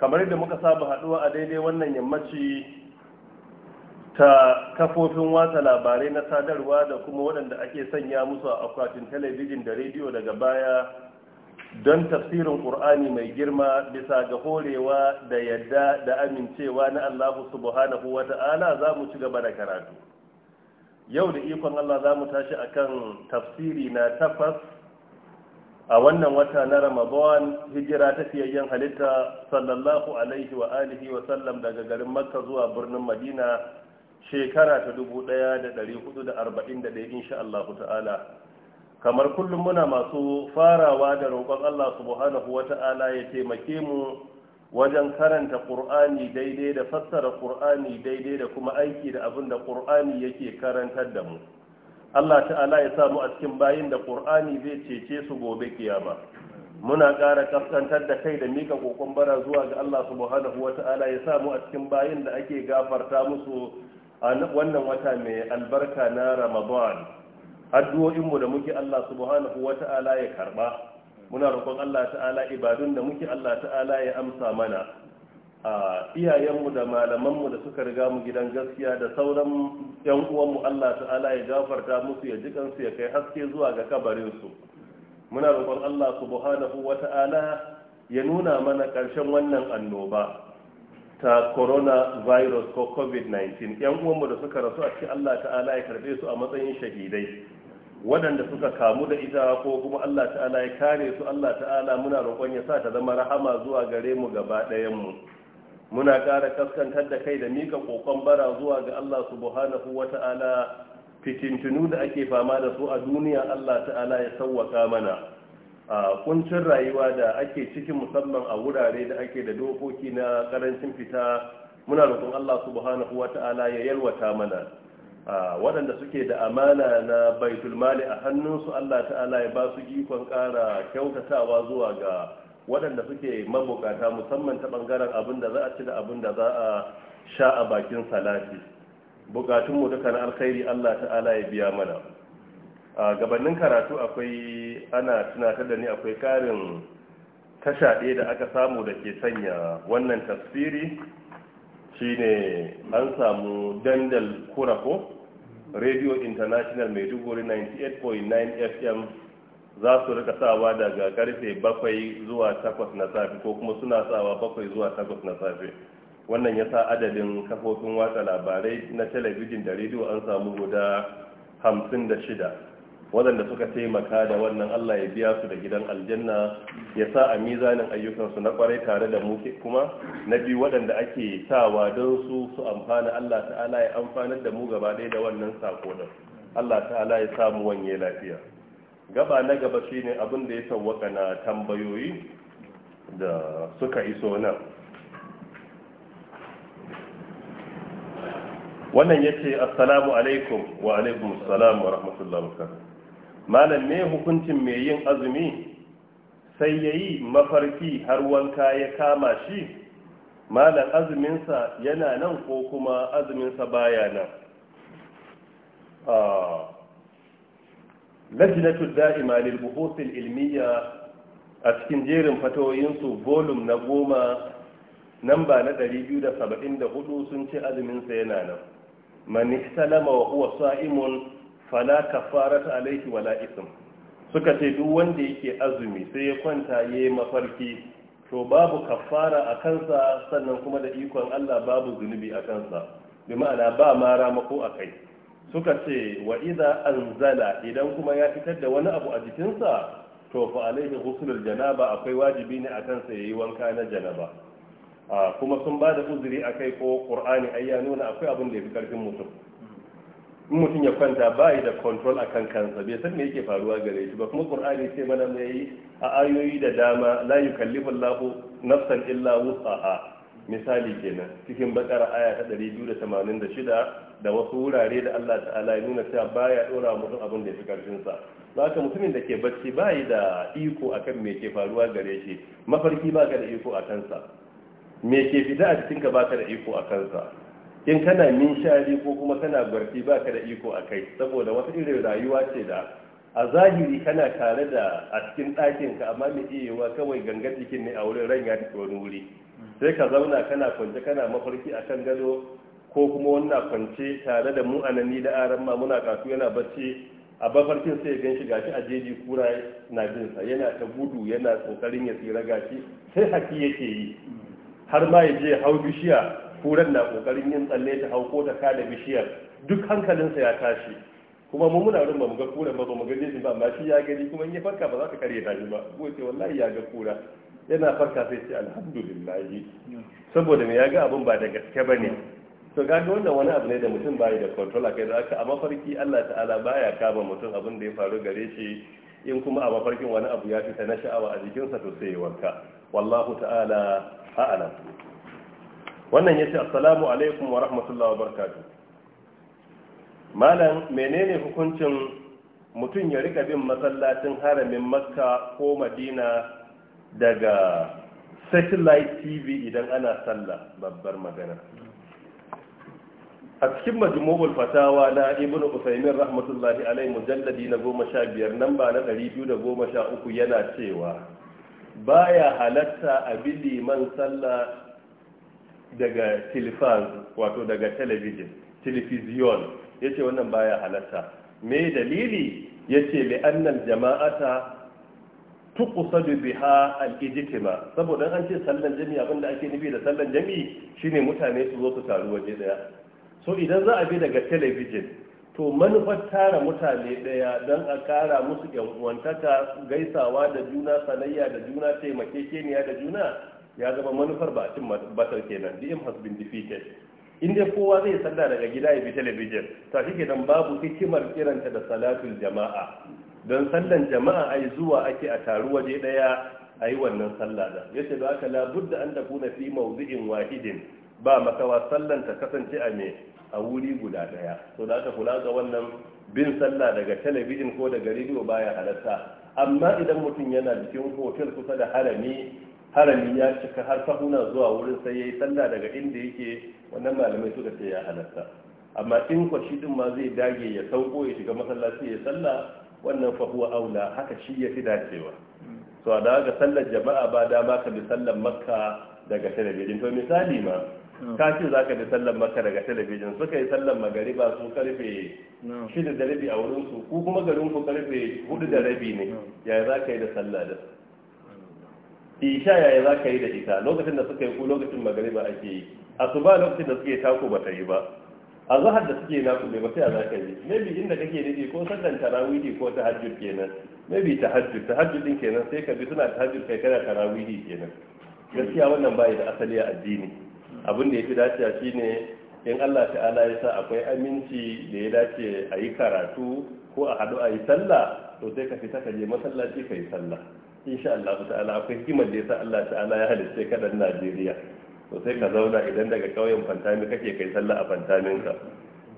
kamar yadda muka saba haɗuwa a daidai wannan yammaci ta kafofin wata labarai na sadarwa da kuma waɗanda ake sanya musu a akwatin talabijin da rediyo daga baya don tafsirin ƙur'ani mai girma bisa ga horewa da yadda da amincewa na allahu subhanahu wa ta'ala za mu ci gaba da karatu yau da ikon allah za mu tashi akan tafsiri na tafas? a wannan wata na ramadan hijira ta fiyayyen halitta sallallahu alaihi wa alihi wa sallam daga garin makka zuwa birnin madina shekara ta 1441 insha Allah ta'ala kamar kullum muna masu farawa da roƙon Allah subhanahu wa ta'ala ya taimake mu wajen karanta ƙur'ani daidai da fassara qur'ani daidai da kuma aiki da abin da ƙur'ani yake karantar da mu Allah ta'ala ya samu a cikin bayin da ƙur'ani zai cece su gobe kiyama muna ƙara kaskantar da kai da mika kokon bara zuwa ga Allah subhanahu wata'ala ya samu a cikin bayin da ake gafarta musu a wannan wata mai albarka na Ramadan Addu'o'inmu da muke Allah subhanahu wata'ala ya karba muna roƙon Allah ta'ala ibadun da muke Allah ta'ala ya amsa mana a iyayenmu da malamanmu da suka riga mu gidan gaskiya da sauran yan uwanmu Allah ta'ala ya gafarta musu ya jikan ya kai haske zuwa ga kabarin muna roƙon Allah subhanahu wata'ala ya nuna mana ƙarshen wannan annoba ta corona virus ko covid-19 yan uwanmu da suka rasu a cikin Allah ta'ala ya karbe su a matsayin shahidai waɗanda suka kamu da ita ko kuma Allah ta'ala ya kare su Allah ta'ala muna roƙon ya sa ta zama rahama zuwa gare mu gaba ɗayan mu muna ƙara kaskantar da kai da mika kokon bara zuwa ga Allah subhanahu wata'ala fitintunu da ake fama da su a duniya Allah ta'ala ya sauwaka mana a kuncin rayuwa da ake cikin musamman a wurare da ake da dokoki na karancin fita muna roƙon Allah subhanahu wata'ala ya yalwata mana waɗanda suke da amana na baitul mali a hannunsu Allah ta'ala ya ba su ikon ƙara kyautatawa zuwa ga waɗanda suke mabukata musamman ta ɓangaren abin da za a ci da abin da za a sha a bakin salati bukatunmu duka na alkhairi allah ta'ala ya biya mana a gabanin karatu akwai ana tunatar da ni akwai karin tasha ɗaya da aka samu da ke sanya wannan tasfiri shine an samu dandal kurako radio international maiduguri 98.9 fm za su rika sawa daga karfe bakwai zuwa takwas na safe ko kuma suna sawa bakwai zuwa takwas na safe wannan ya sa adadin kafofin watsa labarai na talabijin da rediyo an samu guda hamsin da shida waɗanda suka taimaka da wannan allah ya biya su da gidan aljanna ya sa a mizanin ayyukansu na kwarai tare da mu kuma na biyu waɗanda ake sawa don su su amfana allah ta'ala ya amfanar da mu gaba da wannan sako da allah ta'ala ya samu wanye lafiya gaba na gaba shine abin da ya sawwaka na tambayoyi da suka iso nan wannan ya ce assalamu alaikum wa alaikum salam wa rahmatullahi wa malam me hukuncin mai yin azumi sai ya yi mafarki har wanka ya kama shi malam azuminsa yana nan ko kuma azuminsa baya nan ah, lajnatu da'ima lil buhuth al ilmiya a cikin jerin fatawoyinsu volume na goma namba na 274 sun ce azumin sa yana nan man ihtalama wa huwa sa'imun fala kafarata alayhi wala ism suka ce duk wanda yake azumi sai ya kwanta yayi mafarki to babu kafara a kansa sannan kuma da ikon Allah babu zunubi a kansa bi ma'ana ba ma ramako a kai suka ce wa idza anzala idan kuma ya fitar da wani abu a jikinsa to fa alaihi ghuslul janaba akwai wajibi ne akan sa yayi wanka na janaba kuma sun ba da uzuri akai ko qur'ani ai ya nuna akwai abin da yafi karfin mutum in mutum ya kwanta ba da control akan kansa bai san me yake faruwa gare shi ba kuma qur'ani ce mana mai a ayoyi da dama la yukallifullahu nafsan illa wus'aha misali kenan cikin bakar aya ta 286 da wasu wurare da Allah ta'ala ya nuna cewa baya dora mutum abin da ya fi karfin sa zaka mutumin da ke bacci bayi da iko akan me ke faruwa gare shi mafarki baka da iko a kansa me ke fita a cikinka baka da iko a kansa in kana minshari ko kuma kana barci baka da iko a kai saboda wata irin rayuwa ce da a zahiri kana tare da a cikin ɗakinka amma mai iya kawai gangan jikin ne a wurin ran ya tafi wuri sai ka zauna kana kwance kana mafarki akan gado ko kuma wannan kwance tare da mu da aran ma muna kasu yana bacci a bafarkin sai gan shi gashi a jeji kura na bin sa yana ta gudu yana kokarin ya tsira gashi sai haki yake yi har ma ya je hau bishiya kuran na kokarin yin tsalle ta hau ko ta kada bishiyar duk hankalinsa ya tashi kuma mu muna rin mu ga kura ba mu ga jeji ba amma shi ya gani kuma in ya farka ba za ka kare ta ba ko ce wallahi ya ga kura yana farka sai ce alhamdulillah saboda me ya ga abin ba da gaske bane to kaga wannan wani abu ne da mutum bai da control kai da aka a mafarki Allah ta'ala baya kama mutum abin da ya faru gare shi in kuma a mafarkin wani abu ya fita na sha'awa a jikinsa to sai ya wanka wallahu ta'ala a'ala wannan yace assalamu alaikum wa rahmatullahi wa barakatuh malam menene hukuncin mutum ya rika bin masallacin haramin makka ko madina daga satellite tv idan ana sallah babbar magana a cikin majmu'ul fatawa na ibnu usaimin rahmatullahi alai mujalladi na goma sha biyar nan ba na ɗari biyu da goma sha uku yana cewa baya halatta a bi liman sallah daga tilifan wato daga telebijin television ya ce wannan baya halatta me dalili ya ce li'annan jama'ata da biha al-ijtima saboda an ce sallan jami'i abinda ake nufi da sallan jami'i shine mutane su zo su taru waje daya so idan za a bi daga television to manufar tara mutane daya don a kara musu yan uwantaka gaisawa da juna sanayya da juna taimakekeniya da juna ya zama manufar ba cin batar kenan the aim has been defeated in dai kowa zai sanda daga gida ya bi talabijin ta shi kenan babu hikimar kiranta da salatul jama'a don sallan jama'a ai zuwa ake a taru waje daya a yi wannan sallah da ya ce da aka labudda an da kuna fi mawdu'in wahidin ba makawa sallan ta kasance a me a wuri guda daya to da aka kula ga wannan bin sallah daga talabijin ko daga rediyo baya halarta. amma idan mutum yana cikin hotel kusa da harami harami ya cika har sahuna zuwa wurin sai ya yi sallah daga inda yake wannan malamai suka ce ya halarta. amma in kwashi din ma zai dage ya sauko ya shiga masallaci ya salla? wannan fa huwa aula haka shi ya fi dacewa so da ga sallar jama'a ba dama ka bi sallar makka daga talabijin to misali ma hmm. ka ce za ka bi sallar makka daga talabijin suka yi sallar magariba su karfe hmm. shida da rabi a wurin su ku kuma garin ku karfe hudu da rabi ne hmm. ya za ka yi da sallah da isha yaya za ka yi da ita lokacin da suka yi ku lokacin magariba ake yi asuba lokacin da suke taku ba ta yi ba a zahar da suke na kulle ba sai a za ka yi maybe inda kake nufi ko sallan tarawihi ko hajjud kenan maybe ta hajjud din kenan sai ka bi suna hajjud kai kana tarawihi kenan gaskiya wannan bai da asali a addini abin da yafi dacewa shine in Allah ta'ala ya sa akwai aminci da ya dace a yi karatu ko a haɗu a yi sallah to sai ka fita ka je masallaci ka yi sallah insha Allah ta'ala akwai hikimar da ya sa Allah ta'ala ya halitta kaɗan Najeriya to sai ka zauna idan daga ƙauyen fantami kake kai sallah a fantamin ka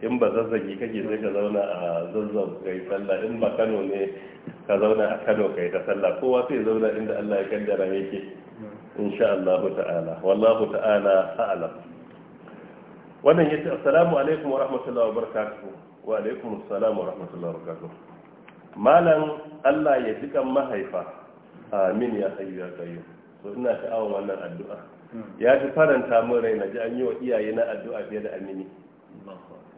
in ba zazzagi kake sai ka zauna a zazzab kai sallah in ba Kano ne ka zauna a Kano kai ta sallah kowa sai zauna inda Allah ya kaddara yake insha Allah ta'ala wallahu ta'ala a'lam wannan yace assalamu alaikum wa rahmatullahi wa barakatuh wa alaikum assalam wa rahmatullahi wa barakatuh malam Allah ya jikan mahaifa amin ya hayyu ya qayyum to ina sha'awar wannan addu'a ya fi faranta min rai na ji an yi wa iyaye na addu'a fiye da amini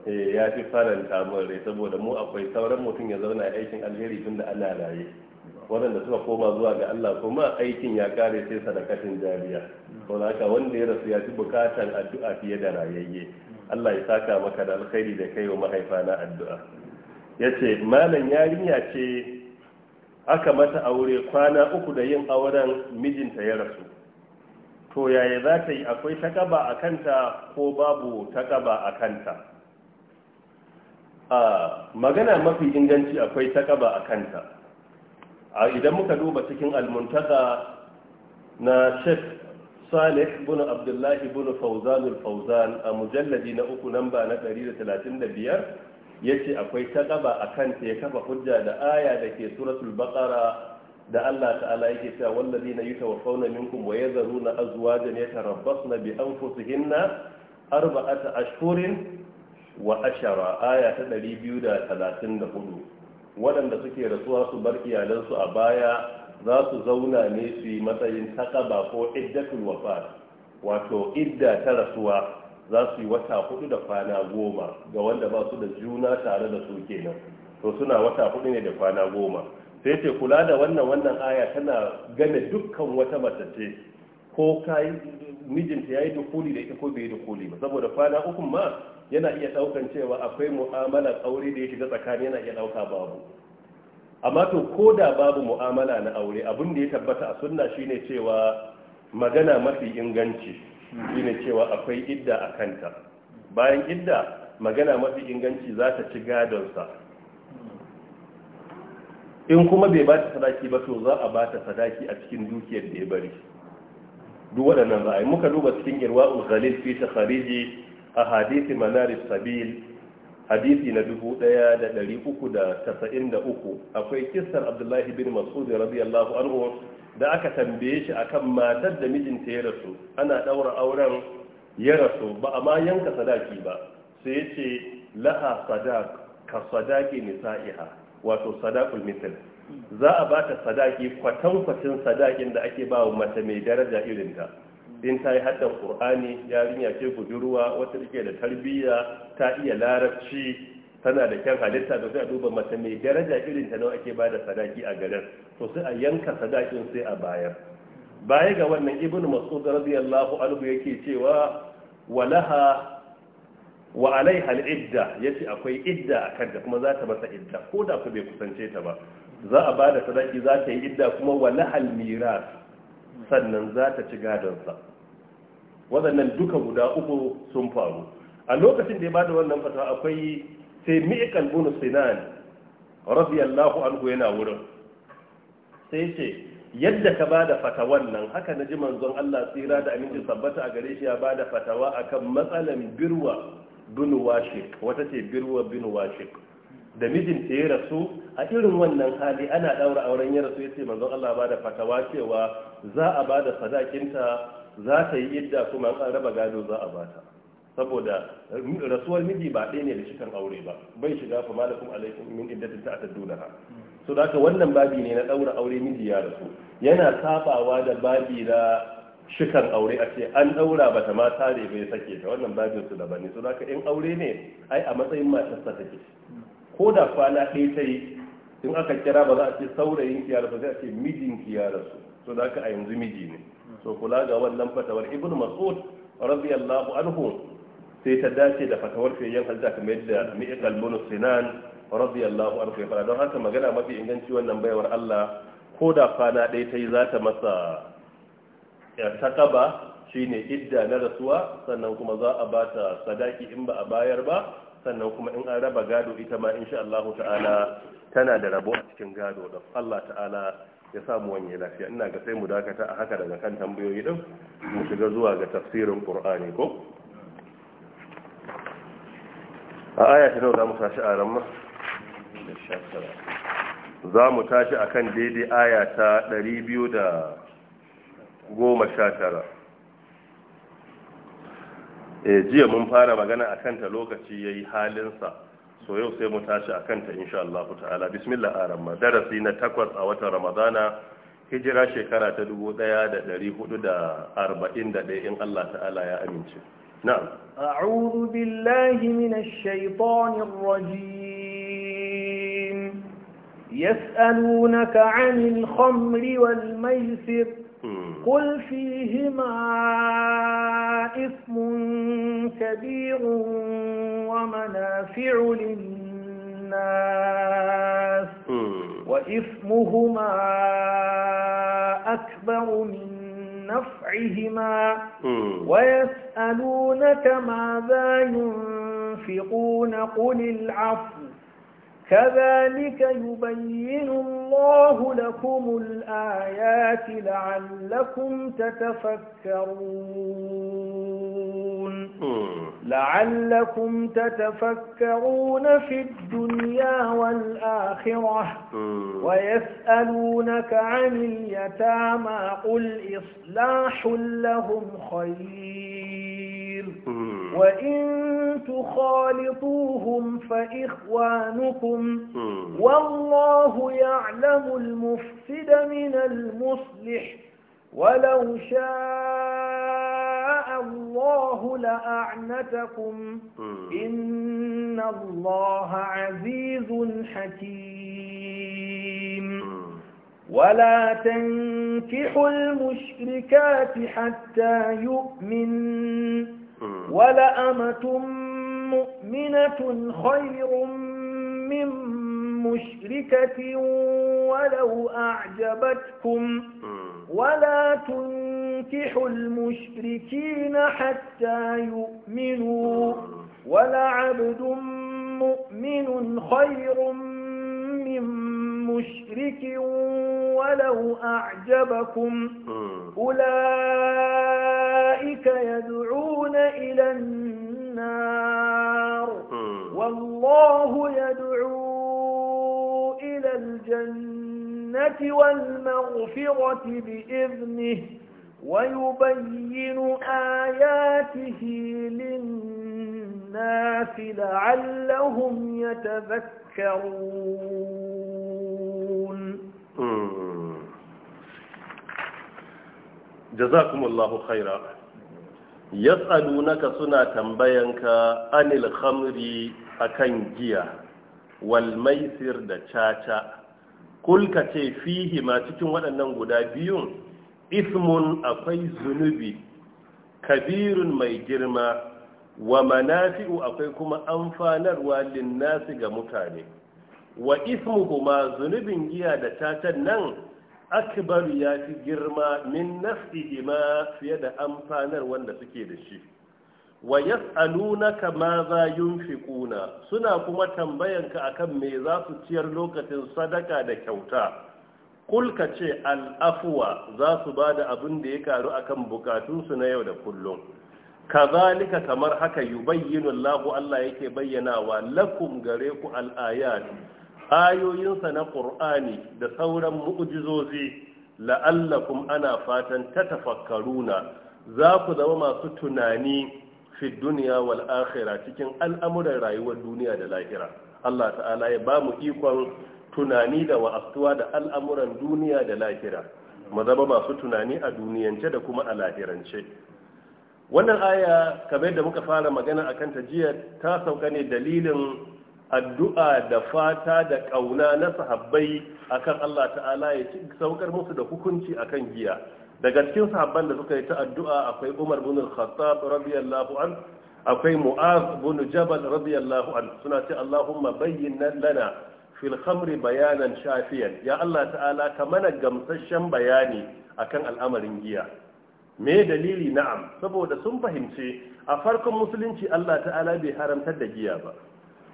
eh ya fi faranta min rai saboda mu akwai sauran mutum ya zauna aikin alheri tun da ana raye waɗanda suka koma zuwa ga Allah kuma aikin ya kare sai sadakatin jariya to haka wanda ya rasu ya fi bukatar addu'a fiye da rayayye Allah ya saka maka da alkhairi da kai wa mahaifa na addu'a yace malam yarinya ce aka mata aure kwana uku da yin auren mijinta ya rasu to yaya za ta yi akwai takaba a kanta ko babu takaba a kanta a magana mafi inganci akwai takaba a kanta a idan muka duba cikin almuntaka na shek salih bin abdullahi bin fauzanul fauzan a mujalladi na uku namba na 135 ya ce akwai takaba a kanta ya kafa hujja da aya da ke suratul baqara da Allah ta'ala yake cewa wallazina yatawaffawna minkum wa yadharuna azwajan yatarabbasna bi anfusihinna arba'ata ashhurin wa ashara aya ta 234 waɗanda suke rasuwa su bar su a baya za su zauna ne su yi matsayin takaba ko iddatul wafa wato idda ta rasuwa za su yi wata hudu da kwana goma ga wanda ba su da juna tare da su kenan to suna wata hudu ne da kwana goma sai ce kula da wannan wannan aya tana gane dukkan wata matace ko kai mijinta yayi dukuli da ita ko bai dukuli ba saboda kwana uku ma yana iya daukan cewa akwai mu'amala aure da ya shiga tsakani yana iya dauka babu amma to ko da babu mu'amala na aure abin da ya tabbata a sunna shine cewa magana mafi inganci shine cewa akwai idda a kanta bayan idda magana mafi inganci za ta ci gadonsa in kuma bai ba ta sadaki ba to za a ba ta sadaki a cikin dukiyar da ya bari duk waɗannan za a yi muka duba cikin irwa'ul ghalil fi khariji a hadisi manarif sabil hadisi na dubu ɗaya da da da uku uku, akwai kisar abdullahi bin mas'ud radiyallahu anhu da aka tambaye shi akan matar da mijinta ya rasu ana ɗaura auren ya rasu ba a ma yanka sadaki ba sai ya ce laha sadak ka sadaki nisa'iha wato sadaqul mithl za a ba ta sadaki kwatankwacin sadakin da ake ba wa mace mai daraja irinta in ta yi haddan qur'ani yarinya ce budurwa wata take da tarbiyya ta iya larabci tana da kyan halitta da sai a duba mace mai daraja irin ta nawa ake ba da sadaki a garin to sai a yanka sadakin sai a bayar baya ga wannan ibnu mas'ud radiyallahu anhu yake cewa walaha wa alaiha al'idda ce akwai idda a kanta kuma za ta masa idda ko da ku bai kusance ta ba za a bada sadaki za ta yi idda kuma wa lahal miras sannan za ta ci gadon sa waɗannan duka guda uku sun faru a lokacin da ya bada wannan fatawa akwai sai mi'kan bunu sinan radiyallahu anhu yana wurin sai ce yadda ka bada da fatawan nan haka na ji manzon Allah tsira da aminci sabbata a gare shi ya bada da fatawa akan matsalan birwa binuwashik washik wata ce birwa binu washik da mijinta ya rasu a irin wannan hali ana ɗaura auren ya rasu ya ce manzon Allah ba da fatawa cewa za a ba da sadakinta za ta yi idda kuma an raba gado za a bata saboda rasuwar miji ba ɗaya ne da cikin aure ba bai shiga fa malakum alaikum min iddatin ta ha so da haka wannan babi ne na ɗaura aure miji ya rasu yana sabawa da babi da shikar aure a ce an daura bata ma tare bai sake ta wannan babin su da ne sun haka in aure ne ai a matsayin sa take ko da kwana ɗaya ta yi in aka kira ba za a ce saurayin kiyar ba za a ce mijin kiyar su so da haka a yanzu miji ne so kula ga wannan fatawar ibn mas'ud radiyallahu anhu sai ta dace da fatawar fiyayyen halda kamar yadda mi'qal bin sinan radiyallahu anhu ya fara don haka magana mafi inganci wannan bayawar Allah ko da kwana ɗaya ta yi za ta masa takaba shine idda na rasuwa sannan kuma za a ba ta sadaki in ba a bayar ba sannan kuma in an raba gado ita ma insha Allah ta'ala tana da rabo a cikin gado da Allah ta'ala ya samu wani lafiya ina ga sai mu dakata a haka daga kan tambayoyi din mu shiga zuwa ga tafsirin Qur'ani ko a aya ta nawa za mu tashi a ramma za mu tashi akan daidai aya ta 200 goma sha tara e jiya mun fara magana a kanta lokaci ya yi halinsa so yau sai mu tashi a kanta insha Allah ta'ala bismillah arama darasi na takwas a watan ramadana hijira shekara ta 1441 in Allah ta'ala ya amince na'am a'udhu billahi minash shaitanir rajim yas'alunaka 'anil khamri wal maisir قل فيهما إثم كبير ومنافع للناس وإثمهما أكبر من نفعهما ويسألونك ماذا ينفقون قل العفو كذلك يبين الله لكم الآيات لعلكم تتفكرون لعلكم تتفكرون في الدنيا والآخرة ويسألونك عن اليتامى قل إصلاح لهم خير كثير وإن تخالطوهم فإخوانكم والله يعلم المفسد من المصلح ولو شاء الله لأعنتكم إن الله عزيز حكيم ولا تنكحوا المشركات حتى يؤمنوا ولأمة مؤمنة خير من مشركة ولو أعجبتكم ولا تنكحوا المشركين حتى يؤمنوا ولعبد مؤمن خير من مشرك ولو أعجبكم أولئك أولئك يدعون إلى النار والله يدعو إلى الجنة والمغفرة بإذنه ويبين آياته للناس لعلهم يتذكرون جزاكم الله خيرا naka suna tambayanka anil khamri akan giya wal maisir da caca kulka ce fihi ma cikin waɗannan guda biyun ismun akwai zunubi kabirun mai girma wa manafi'u akwai kuma amfanarwa linnasi ga mutane wa ismuhuma zunubin giya da cacan nan akbar ya fi girma min nafsihima fiye da amfanar wanda suke da shi wa ka ma za yunfiquna suna kuma tambayanka akan me za su ciyar lokacin sadaka da kyauta kul ka ce al'afwa za su da abin da ya karu akan bukatunsu na yau da kullum kazalika kamar haka yubayyinu Allahu Allah yake bayyana wa lakum gare ku al'ayat ayoyinsa na ƙur'ani da sauran mu'ujizozi la'allakum ana fatan ta tafakkaruna za ku zama masu tunani fi duniya wal akhira cikin al'amuran rayuwar duniya da lahira Allah ta'ala ya ba mu ikon tunani da wa'astuwa da al'amuran duniya da lahira mu zama masu tunani a duniyance da kuma a lahirance wannan aya kamar da muka fara magana a kanta jiya ta sauka ne dalilin addu'a da fata da ƙauna na sahabbai akan Allah ta'ala ya ci saukar musu da hukunci akan giya daga cikin sahabban da suka yi ta addu'a akwai Umar bin Al-Khattab radiyallahu an akwai Mu'az bin Jabal radiyallahu an suna ce Allahumma bayyin lana fil bayanan shafiyan ya Allah ta'ala ka mana gamsasshen bayani akan al'amarin giya me dalili na'am saboda sun fahimce a farkon musulunci Allah ta'ala bai haramtar da giya ba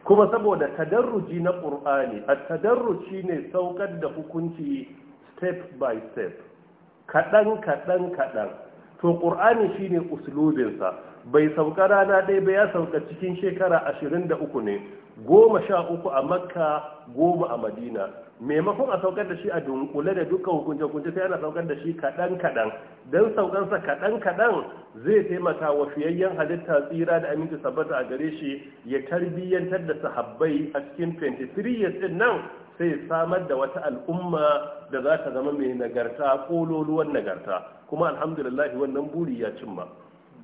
kuma saboda tadarruji na ƙur'ani a tadarruci ne saukar da hukunci step by step kaɗan kaɗan kaɗan to ƙur'ani shine uslubinsa bai sauka rana ɗaya ba ya sauka cikin shekara ashirin da uku ne goma sha uku a makka goma a madina maimakon a saukar da shi a dunkule da dukkan hukunce-hukunce sai ana saukar da shi kaɗan-kaɗan don saukansa kaɗan-kaɗan zai taimaka wa fiyayyen halitta tsira da aminci sabbata a gare shi ya tarbiyyantar da sahabbai a cikin 23 years din nan sai samar da wata al'umma da za ta zama mai nagarta kololuwan nagarta kuma alhamdulillah wannan buri ya cimma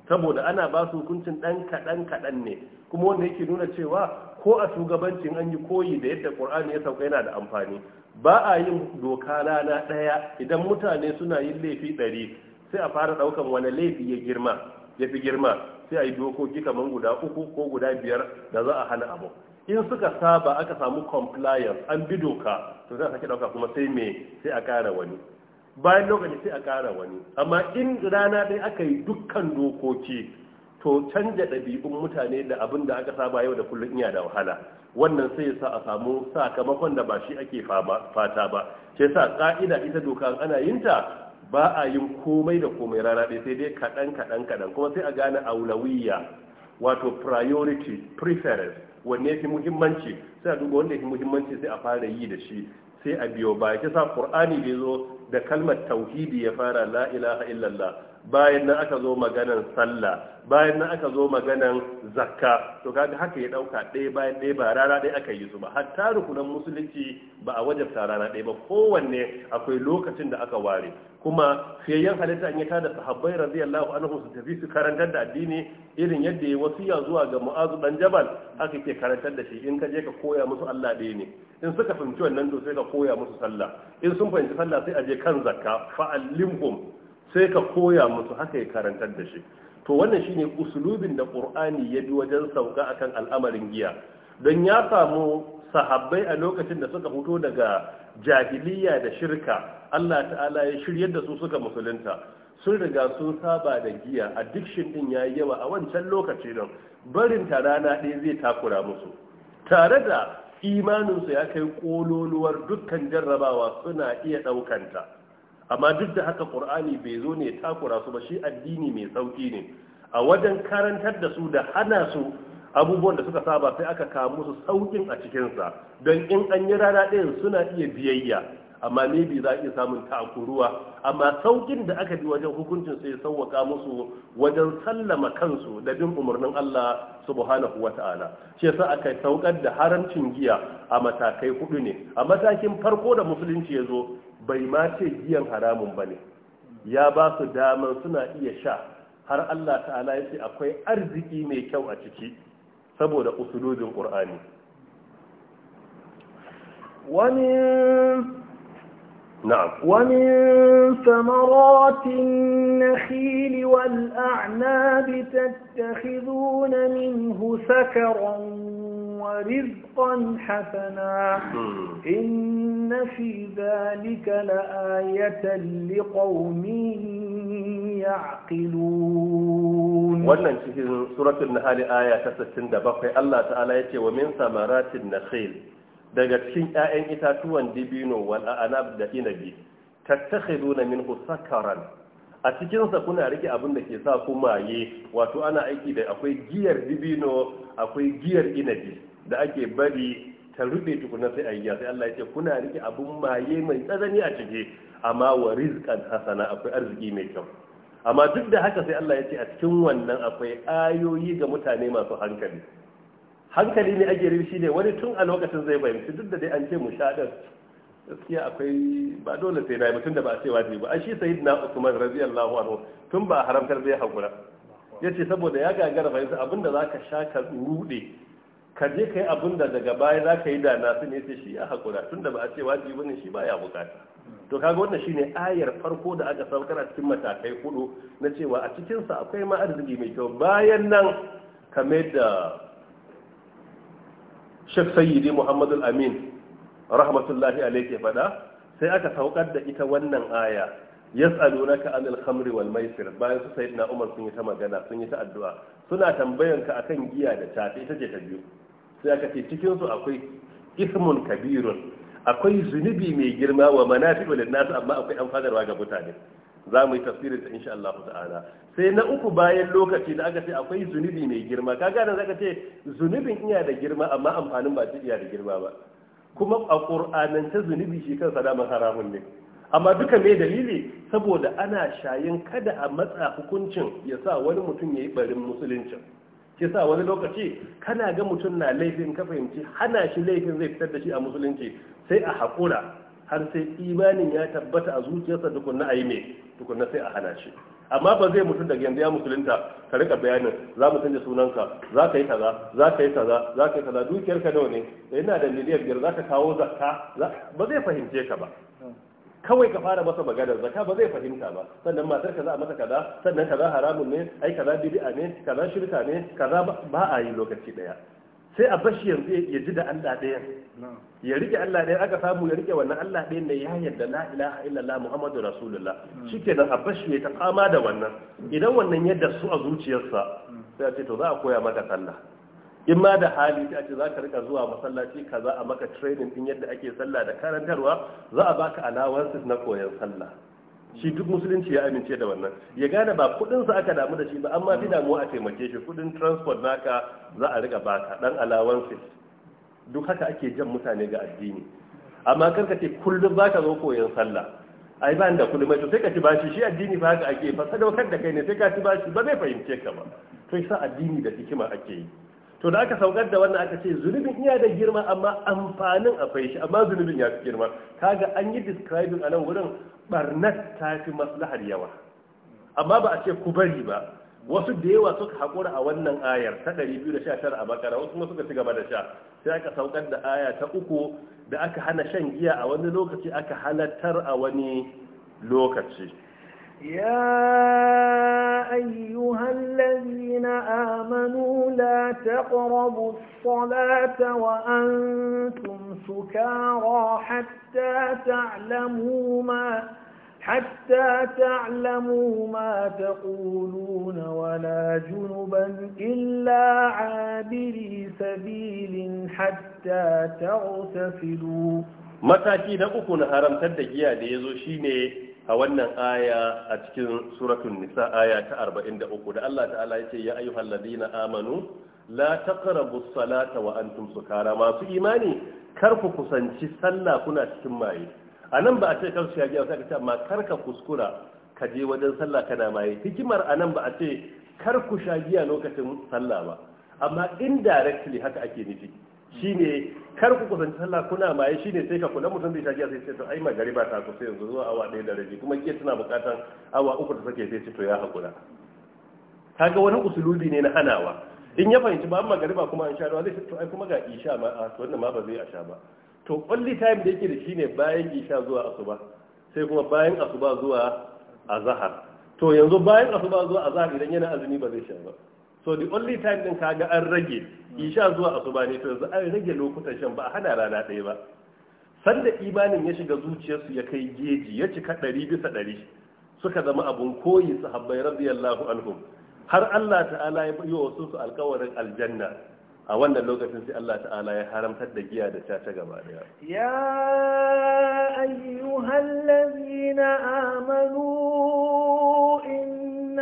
saboda ana ba su hukuncin ɗan kaɗan-kaɗan ne kuma wanda yake nuna cewa ko a shugabancin an yi koyi da yadda ƙur'ani ya sauka yana da amfani ba a yin doka rana ɗaya idan mutane suna yin laifi ɗari sai a fara ɗaukan wani laifi ya girma ya fi girma sai a yi dokoki kamar guda uku ko guda biyar da za a hana abu in suka saba aka samu compliance an bi doka to za a sake ɗauka kuma sai me sai a ƙara wani bayan lokaci sai a ƙara wani amma in rana ɗaya aka yi dukkan dokoki to canja ɗabi'un mutane da abin da aka saba yau da kullum iya da wahala wannan sai sa a samu sakamakon da ba shi ake fata ba ce sa ƙa'ida ita doka ana yin ta ba a yin komai da komai rana ɗaya sai dai kaɗan kaɗan kaɗan kuma sai a gane aulawiya wato priority preference wanne fi muhimmanci sai a duba wanda fi muhimmanci sai a fara yi da shi sai a biyo ba ya ce sa qur'ani da zo da kalmar tauhidi ya fara la ilaha illallah bayan nan aka zo maganan sallah bayan nan aka zo maganan zakka to kaga haka ya dauka ɗaya bayan ɗaya ba rana ɗaya aka yi su ba hatta rukunan musulunci ba a wajabta rana ɗaya ba kowanne akwai lokacin da aka ware kuma fiyayyen halitta an ya tada sahabbai radiyallahu anhu su tafi su karantar da addini irin yadda ya wasiya zuwa ga mu'azu dan jabal aka ke karantar da shi in ka je ka koya musu Allah ɗaya ne in suka fahimci wannan to sai ka koya musu sallah in sun fahimci sallah sai a je kan zakka fa'allimhum sai ka koya musu haka ya karantar da shi to wannan shine usulubin da qur'ani ya bi wajen sauka akan al'amarin giya don ya samu sahabbai a lokacin da suka fito daga jahiliya da shirka Allah ta'ala ya shiryar da su suka musulunta sun riga sun saba da giya addiction din yayi yawa a wancan lokaci don barin ta rana ɗaya zai takura musu tare da imaninsu ya kai kololuwar dukkan jarrabawa suna iya ɗaukanta amma duk da haka qur'ani bai zo ne takura su ba shi addini mai sauki ne a wajen karantar da su da hana su abubuwan da suka saba sai aka kawo musu saukin a cikinsa don in an yi rana ɗayan suna iya biyayya amma bi za a iya samun takuruwa amma sauƙin da aka bi wajen hukuncin sai sauwaka musu wajen sallama kansu da bin umarnin Allah subhanahu wa ta'ala shi yasa aka saukar da haramcin giya a matakai hudu ne a matakin farko da musulunci ya zo bai ma ce giyan haramun ba ne ya ba su daman suna iya sha har Allah ta'ala ya ce akwai arziki mai kyau a ciki saboda usulojin ƙur'ani wani نعم ومن ثمرات النخيل والأعناب تتخذون منه سكرا ورزقا حسنا إن في ذلك لآية لقوم يعقلون wannan cikin suratul nahl aya ta 67 Allah ta'ala yace wa min samaratin nakhil daga cikin 'ya'yan itatuwan dibino wal anab da inabi tattakhiduna minhu sakaran a cikinsa kuna rike abin da ke sa ku maye wato ana aiki da akwai giyar dibino akwai giyar inabi da ake bari ta rube tukuna sai ayya sai Allah ya ce kuna rike abun maye mai tsanani a cike amma wa rizqan hasana akwai arziki mai kyau amma duk da haka sai Allah ya ce a cikin wannan akwai ayoyi ga mutane masu hankali hankali ne ake shi ne wani tun a lokacin zai fahimci duk da dai an ce mushadar gaskiya akwai ba dole sai na mutum da ba a ce wajibi ba a shi sayyidina Usman radiyallahu anhu tun ba haramtar zai hakura yace saboda ya gagara fahimta abinda zaka sha ka rude ka je kai abun da daga baya za ka yi da nasu ne sai shi a haƙura tun da ba a ce wajibi bane shi ba ya bukata to kaga wannan shine ayar farko da aka saukar a cikin matakai hudu na cewa a cikin sa akwai ma arziki mai kyau bayan nan mai da Sheikh Sayyidi Muhammad Al-Amin rahmatullahi alayhi ya faɗa sai aka saukar da ita wannan aya yas'alunaka anil khamri wal maisir bayan su sayyidina Umar sun yi ta magana sun yi ta addu'a suna tambayanka akan giya da tafi ita ce ta biyu sai aka ce cikin su akwai ismun kabirun akwai zunubi mai girma wa manafi'u lin nasu amma akwai amfanarwa ga mutane za mu yi tafsirin ta insha Allah ta'ala sai na uku bayan lokaci da aka ce akwai zunubi mai girma kaga za ka ce zunubin iya da girma amma amfanin ba ta iya da girma ba kuma a ta zunubi shi kansa da haramun ne amma duka mai dalili saboda ana shayin kada a matsa hukuncin ya sa wani mutum ya yi barin musuluncin ke sa wani lokaci kana ga mutum na laifin ka fahimci hana shi laifin zai fitar da shi a musulunci sai a haƙura har sai imanin ya tabbata a zuciyarsa tukunna a yi mai tukunna sai a hana shi amma ba zai mutum daga yanzu ya musulunta ka rika bayanin za mu canza sunanka za ka yi kaza za ka yi kaza za ka yi kaza dukiyarka nawa ne yana da miliyan biyar za ka kawo zakka ba zai fahimce ka ba kawai ka fara masa magana zaka ba zai fahimta ba sannan matar ka za a mata kaza sannan kaza haramun ne ai kaza bid'a ne kaza shirka ne kaza ba a yi lokaci daya sai a bashi yanzu ya ji da Allah ɗayan ya rike Allah ɗayan aka samu ya rike wannan Allah ɗaya ne ya yarda la ilaha illallah muhammadu rasulullah shikenan a bashi ya ta kama da wannan idan wannan yadda su a zuciyarsa sai a ce to za a koya maka sallah in ma da hali ta a ce za ka rika zuwa masallaci kaza a maka training din yadda ake sallah da karantarwa za a baka allowances na koyon sallah shi duk musulunci ya amince da wannan ya gane ba kudin sa aka damu da shi ba amma fi damuwa a taimake shi kudin transport naka za a rika baka dan allowances duk haka ake jan mutane ga addini amma karka ce kullum za ka zo koyon sallah ai ba da kullum mai to sai ka ci bashi shi addini ba haka ake fa sadaukar da kai ne sai ka ci bashi ba zai fahimce ka ba to sai addini da hikima ake yi to da aka saukar da wannan aka ce zunubin iya da girma amma amfanin akwai shi amma zunubin ya fi girma kaga an yi describing a nan wurin barnat ta fi maslahar yawa amma ba a ce ku bari ba wasu da yawa suka haƙura a wannan ayar ta 219 a bakara wasu suka ci gaba da sha sai aka saukar da aya ta uku da aka hana shan giya a wani lokaci aka halattar a wani lokaci يا أيها الذين آمنوا لا تقربوا الصلاة وأنتم سكارى حتى تعلموا ما حتى تعلموا ما تقولون ولا جنبا إلا عابري سبيل حتى تغتسلوا متى كي نقول هرمت الدجيا ديزو شيني a wannan aya a cikin suratun nisa aya ta 43 da Allah ta'ala ya ce ya ayyuhal ladina amanu la taqrabu salata wa antum sukara masu imani kar ku kusanci sallah kuna cikin maye anan ba a ce kar ku yaji sai ka ce amma kar ka kuskura ka je wajen sallah kana maye hikimar anan ba a ce kar ku sha giya lokacin sallah ba amma indirectly haka ake nufi shine kar ku kusanci sallah kuna maye ne sai ka kula mutum bai tafiya sai sai to ai magariba ta kusa yanzu zuwa awa ɗaya da rabi kuma ke tana bukatan awa uku da sake sai to ya hakura kaga wani usulubi ne na hanawa in ya fahimci ba magariba kuma an sha ruwa zai to ai kuma ga isha ma a wannan ma ba zai a sha ba to only time da yake da shi ne bayan isha zuwa asuba sai kuma bayan asuba zuwa azhar to yanzu bayan asuba zuwa azhar idan yana azumi ba zai sha ba so the only time din kaga an rage isha zuwa asuba ne to yanzu an rage lokutan shan ba a hana rana ɗaya ba sanda imanin ya shiga zuciyarsu ya kai geji ya cika ɗari bisa ɗari suka zama abun koyi sahabbai radiyallahu anhum har Allah ta'ala ya yi wasu su alkawarin aljanna a wannan lokacin sai Allah ta'ala ya haramtar da giya da ta ta gaba daya ya ayyuhallazina amanu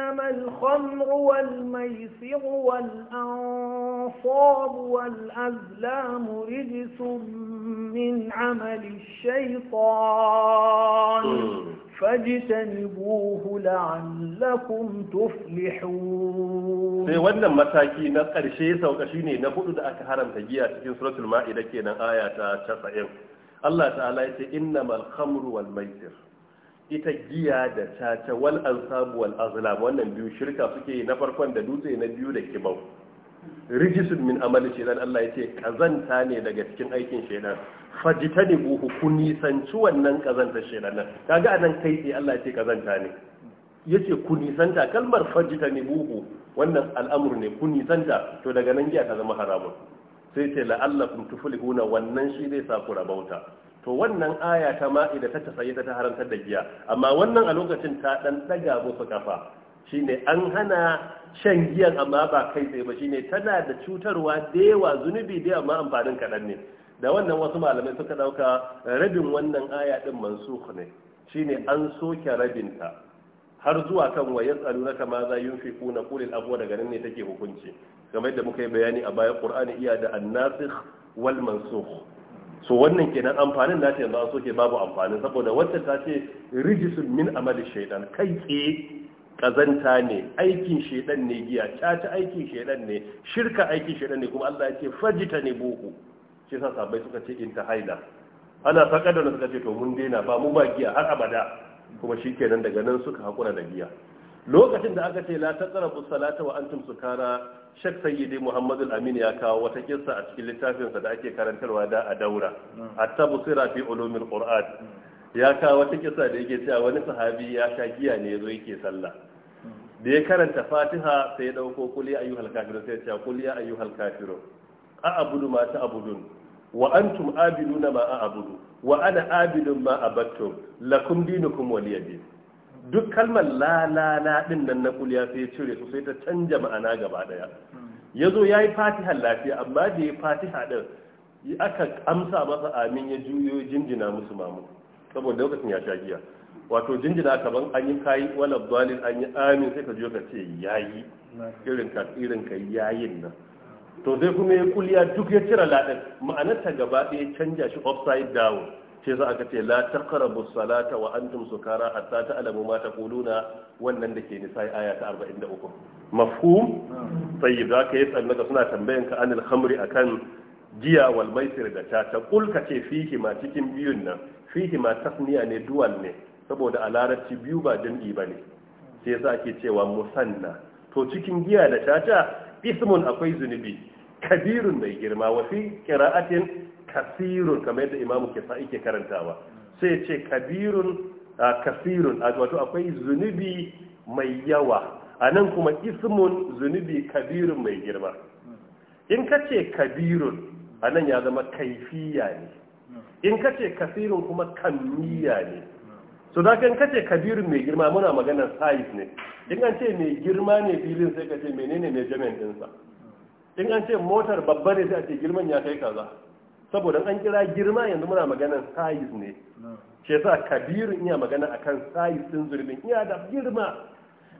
إنما الخمر والميسر والأنصاب والأزلام رجس من عمل الشيطان فاجتنبوه لعلكم تفلحون sai wannan mataki na ƙarshe saukashi ne na hudu da aka haramta giya cikin suratul ma'ida kenan aya ta 90 Allah ta'ala ya ce innamal khamru wal maisir ita giya da caca wal ansabu wal azlam wannan biyu shirka suke na farkon da dutse na biyu da kibau rijisun min amali shaitan Allah ya ce kazanta ne daga cikin aikin fajita fajitani buhu ku nisanci wannan kazanta shedan nan kaga anan kai sai Allah ya ce kazanta ne yace ku nisanta kalmar fajitani buhu wannan al'amur ne ku nisanta to daga nan giya ta zama haramun sai ce la'allakum tuflihuna wannan shi zai sa ku rabauta to wannan aya ta ma'ida ta tasayi ta haramtar da giya amma wannan a lokacin ta dan daga musu kafa shine an hana shan giyan amma ba kai tsaye ba shine tana da cutarwa da yawa zunubi da amma amfanin kaɗan ne da wannan wasu malamai suka ɗauka rabin wannan aya ɗin mansukh ne shine an soke rabinta har zuwa kan wa tsaro na kama za yunfiqu na qulil abuwa daga nan ne take hukunci kamar yadda muka yi bayani a bayan qur'ani iya da an wal mansukh so wannan kenan amfanin na yanzu an soke babu amfani saboda wacce ta ce rijisun min amali shaidan kai ke kazanta ne aikin shaidan ne giya caca aikin shaidan ne shirka aikin shaidan ne kuma Allah ya ce fajita ne boko shi sa sabai suka ce in ta haida? ana da suka ce to mun daina ba mu ba giya har abada kuma shi shikenan daga nan suka hakura da giya lokacin da aka ce la taqrabu salata wa antum sukara shek sayyidi muhammadu amin ya kawo wata kissa a cikin littafinsa da ake karantarwa da a daura at sira fi ulumil qur'an ya kawo wata kissa da yake cewa wani sahabi ya sha giya ne yazo yake sallah da ya karanta fatiha sai ya dauko kuli ayyuhal kafirun sai ya ce kuli ayyuhal kafirun a abudu ma ta abudun wa antum abiduna ma a abudu wa ana abidun ma abattum lakum dinukum waliyadin duk kalmar la la la din nan na kulya sai ya cire su sai ta canja ma'ana gaba daya yazo yayi fatiha lafiya amma da ya fatiha din aka amsa masa amin ya juyo jinjina musu mamu saboda lokacin ya sha giya wato jinjina kaman an yi kayi wala dalil an yi amin sai ka juyo ka ce yayi irin ka irin ka yayin nan to sai kuma ya kulya duk ya cire din ma'anar ta gaba ɗaya canja shi upside down sai za aka ce la taqrabu salata wa antum sukara hatta ta'lamu ma taquluna wannan da ke nisa aya ta 43 mafhum tayyib ka yi sannan suna tambayan ka anil khamri akan giya wal maisir da ta ta kulka ce fihi ma cikin biyun nan fihi ma tasniya ne dual ne saboda a larabci biyu ba jam'i bane sai yasa ke cewa musanna to cikin giya da caca ismun akwai zunubi kabirun mai girma wa fi qira'atin kasirun kamar yadda imamu ke ke karantawa sai ce kabirun kasirun wato akwai zunubi mai yawa a nan kuma ismun zunubi kabirun mai girma in ka ce kabirun a nan ya zama kaifiya ne in ka ce kasirun kuma kammiya ne so da kan ce kabirun mai girma muna maganar size ne in an ce mai girma ne filin sai ka ce menene mai jam'ian ɗinsa in an ce motar babba ne sai a ce girman ya kai kaza saboda an kira girma yanzu muna maganar sayis ne ce sa kabirin iya magana akan sayis din zurbin iya da girma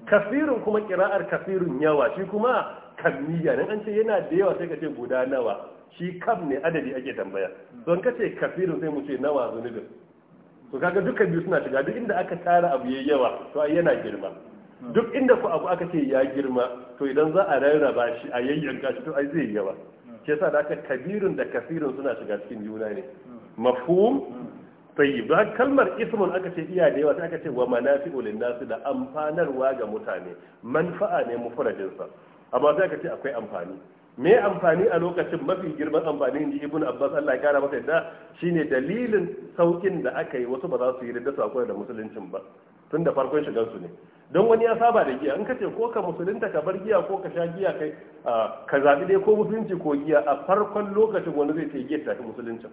Kafirin kuma kira'ar Kafirin yawa shi kuma kamiyya ne an ce yana da yawa sai ka ce guda nawa shi kam ne adadi ake tambaya don ka ce Kafirin sai mu ce nawa zunubin to kaga duka biyu suna shiga duk inda aka tara abu ya yawa to ai yana girma duk inda ku abu aka ce ya girma to idan za a rarraba shi a yayyanka shi to ai zai yawa ke sa da aka kabirun da kafirin suna shiga cikin juna ne mafhum tayi ba kalmar ismun aka ce iya da yawa sai aka ce wa manafi'u nasu da amfanarwa ga mutane manfa'a ne mufradin sa amma sai aka ce akwai amfani me amfani a lokacin mafi girman amfani ne ibn abbas allah ya kara masa yadda shine dalilin saukin da aka yi wasu ba za su yi da sako da musuluncin ba tun da farkon shigar su ne don wani ya saba da giya in ka ce ko ka musulunta ka bar giya ko ka sha giya kai ka zaɓi dai ko musulunci ko giya a farkon lokacin wani zai ce giya tafi musuluncin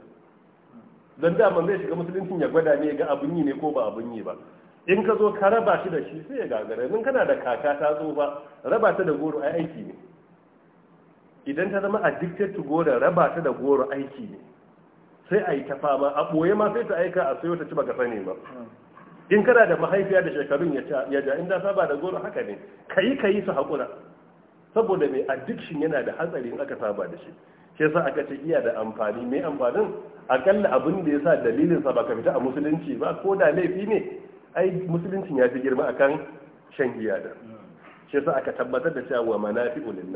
don dama zai shiga musuluncin ya gwada ne ga abun yi ne ko ba abun yi ba in ka zo ka raba shi da shi sai ya gagara in kana da kaka ta zo ba raba ta da goro ai aiki ne idan ta zama addicted to goro raba ta da goro aiki ne sai a yi ta fama a ɓoye ma sai ta aika a sayo ta ci baka sani ba in kana da mahaifiya da shekarun ya ja in da saba da goro haka ne kai kayi su haƙura saboda mai addiction yana da hatsari in aka saba da shi shi yasa aka ce iya da amfani mai amfanin akalla abin da ya sa dalilin sa baka fita a musulunci ba ko da laifi ne ai musuluncin ya fi girma akan shan giya da shi yasa aka tabbatar da cewa manafi'u lin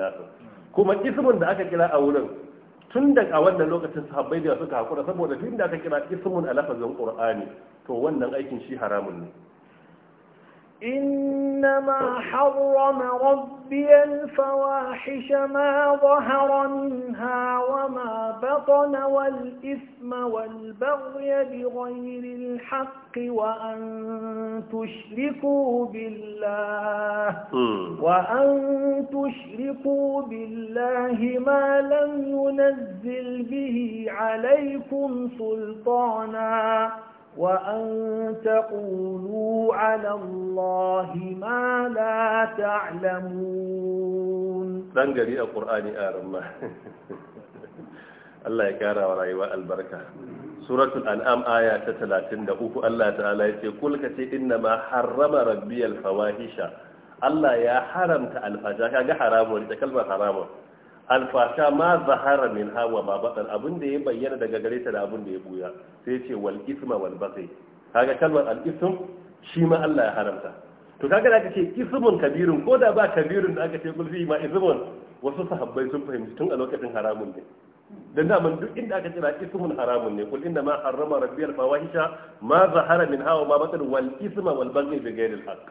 kuma ismin da aka kira a wurin tun da a wannan lokacin sahabbai da suka hakura saboda tun da aka kira ismun a lafazin qur'ani to wannan aikin shi haramun ne إنما حرم ربي الفواحش ما ظهر منها وما بطن والإثم والبغي بغير الحق وأن تشركوا بالله وأن تشركوا بالله ما لم ينزل به عليكم سلطانا وأن تقولوا على الله ما لا تعلمون دنجري القرآن آرما الله يكارى ورأيوا البركة سورة الأنعام آية 33 الله تعالى يقول كتي إنما حرم ربي الفواحش الله يا حرمت الفجاكة حرام ولتكلم حرام alfasha ma zahara min hawa ma batsar abin da ya bayyana daga gare ta da abin da ya buya sai ce wal isma wal batsai kaga kalmar al ism shi ma Allah ya haramta to kaga da aka ce ismun kabirun ko da ba kabirun da aka ce kulfi ma ismun wasu sahabbai sun fahimci tun a lokacin haramun ne dan da duk inda aka tsira ismun haramun ne kul inna ma harrama rabbi al fawahisha ma zahara min hawa ma batsar wal isma wal batsai bi ghairi al haqq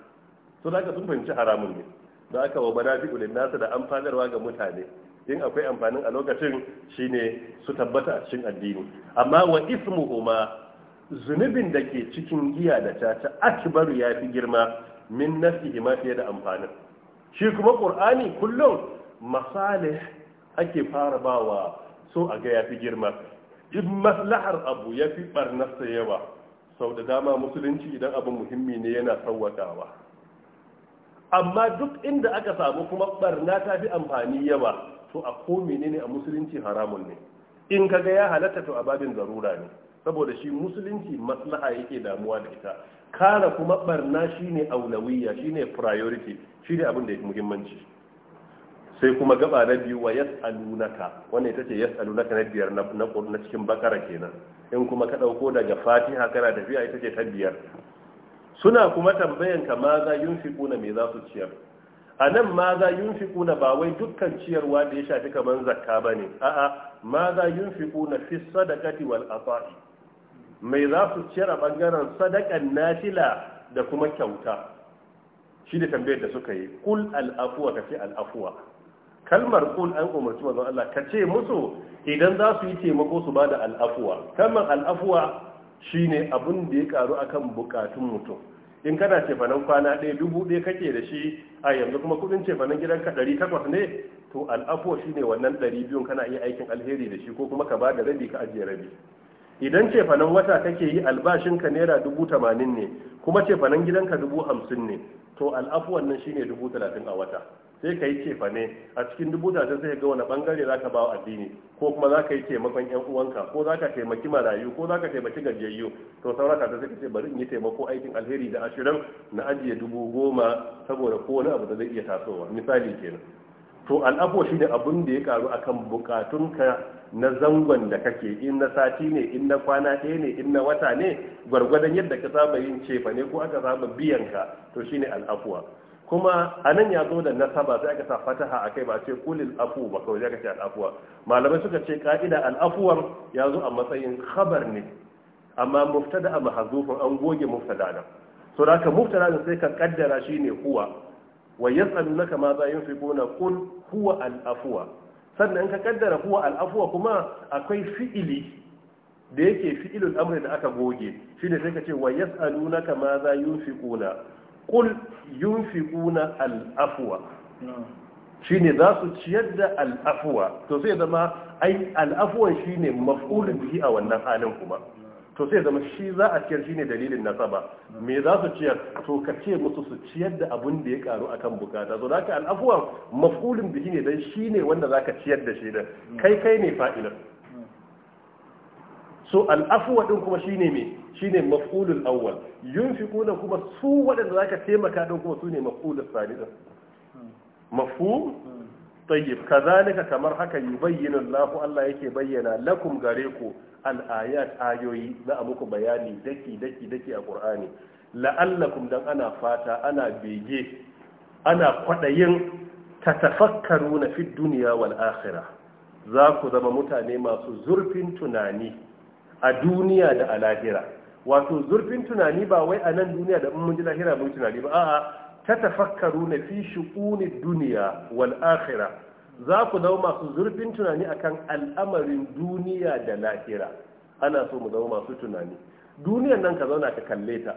to da aka sun fahimci haramun ne da aka wa banafi'u lin nasa da amfanarwa ga mutane in akwai amfanin a lokacin shine su tabbata a cikin addini amma wa ismu ismuhuma zunubin da ke cikin giya da caca akbaru ya fi girma min nafsihi ma fiye da amfanin shi kuma qur'ani kullum masalih ake fara bawa so a ga ya fi girma in maslahar abu ya fi ɓarnasta yawa sau da dama musulunci idan abu muhimmi ne yana sauwatawa amma duk inda aka samu kuma ɓarna ta fi amfani yawa to a ko menene a musulunci haramun ne in kaga ya halatta to a babin zarura ne saboda shi musulunci maslaha yake damuwa da ita kara kuma barna shine aulawiya shine priority shine abin da yake muhimmanci sai kuma gaba na biyu wa yas'alunaka wannan ita ce yas'alunaka na biyar na na cikin bakara kenan in kuma ka dauko daga fatiha kana tafiya ita ce ta biyar suna kuma tambayan ka ma za yunfiquna me za su ciyar a nan ma za na ba wai dukkan ciyarwa da ya shafi kamar zakka ne. a'a ma za yunfiquna fi sadakati wal ata'i mai za su ciyar a ɓangaren sadakan nafila da kuma kyauta shi da tambayar da suka yi kul al'afuwa ka ce al'afuwa kalmar kul an umarci mazan Allah ka ce musu idan za su yi taimako su ba da al'afuwa kalmar al'afuwa shine abin da ya karu akan bukatun mutum in kana cefanen kwana ɗaya dubu ɗaya kake da shi a yanzu kuma kuɗin cefanen gidanka ɗari takwas ne to al'afo shi ne wannan ɗari biyun kana iya aikin alheri da shi ko kuma ka ba da rabi ka ajiye rabi idan cefanen wata kake yi albashinka naira dubu tamanin ne kuma cefanen gidanka dubu hamsin ne to al'afuwan nan shine dubu talatin a wata sai ka yi cefa ne a cikin dubu talatin sai ga wani bangare za ka ba wa addini ko kuma za ka yi taimakon yan uwanka ko za ka taimaki marayu ko za ka taimaki gajiyayyu to saurata ka sai ka ce bari in yi taimako aikin alheri da ashirin na ajiye dubu goma saboda kowane abu da zai iya tasowa misali kenan to al'afo shi da abin da ya karu akan bukatunka na zangon da kake in na sati ne in na kwana ɗaya ne in na wata ne gwargwadon yadda ka saba yin cefa ne ko aka saba biyan ka to shi ne al'afuwa kuma a nan ya zo da nasaba sai aka sa fataha a kai ba ce kulil afu ba kawai zai ka al'afuwa malamai suka ce ka'ida al'afuwar ya zo a matsayin khabar ne amma muftada a mahazufin an goge muftada nan so da ka muftada sai ka kaddara ne kuwa. wa yas'alunaka ma za yunfiquna qul huwa al-afwa sannan ka kaddara huwa al kuma akwai fi'ili da yake fi'ilun amri da aka goge shine sai ka ce wa yas'alunaka ma za yunfiquna qul yunfiquna al-afwa shine za su ciyar da al to sai zama ai al-afwa shine maf'ulun bihi a wannan halin kuma to sai zama shi za a ciyar shine dalilin nasaba me za su ciyar to ka ce musu su ciyar da abin da ya karu akan bukata so zaka al'afuwa maf'ulun bihi ne dan shine wanda zaka ciyar da shi da kai kai ne fa'ilan so al'afuwa din kuma shine me shine maf'ulul awwal yunfiquna kuma su wadanda zaka taimaka din kuma su ne maf'ulul sani din mafhum hmm. tayyib kazalika kamar haka yubayyinu Allah Allah yake bayyana lakum gare ku al'ayat ayoyi za a muku bayani daki daki daki a ƙur'ani la'allakum dan ana fata ana bege ana kwaɗayin ta tatafakkaru na fi duniya wal akhira za ku zama mutane masu zurfin tunani a duniya da a lahira wato zurfin tunani ba wai a nan duniya da mun ji lahira mun tunani ba a'a tatafakkaru na fi shu'unid duniya wal akhira za ku zama masu zurfin tunani akan al'amarin duniya da lahira ana so mu zama masu tunani duniyan nan ka zauna ka kalle ta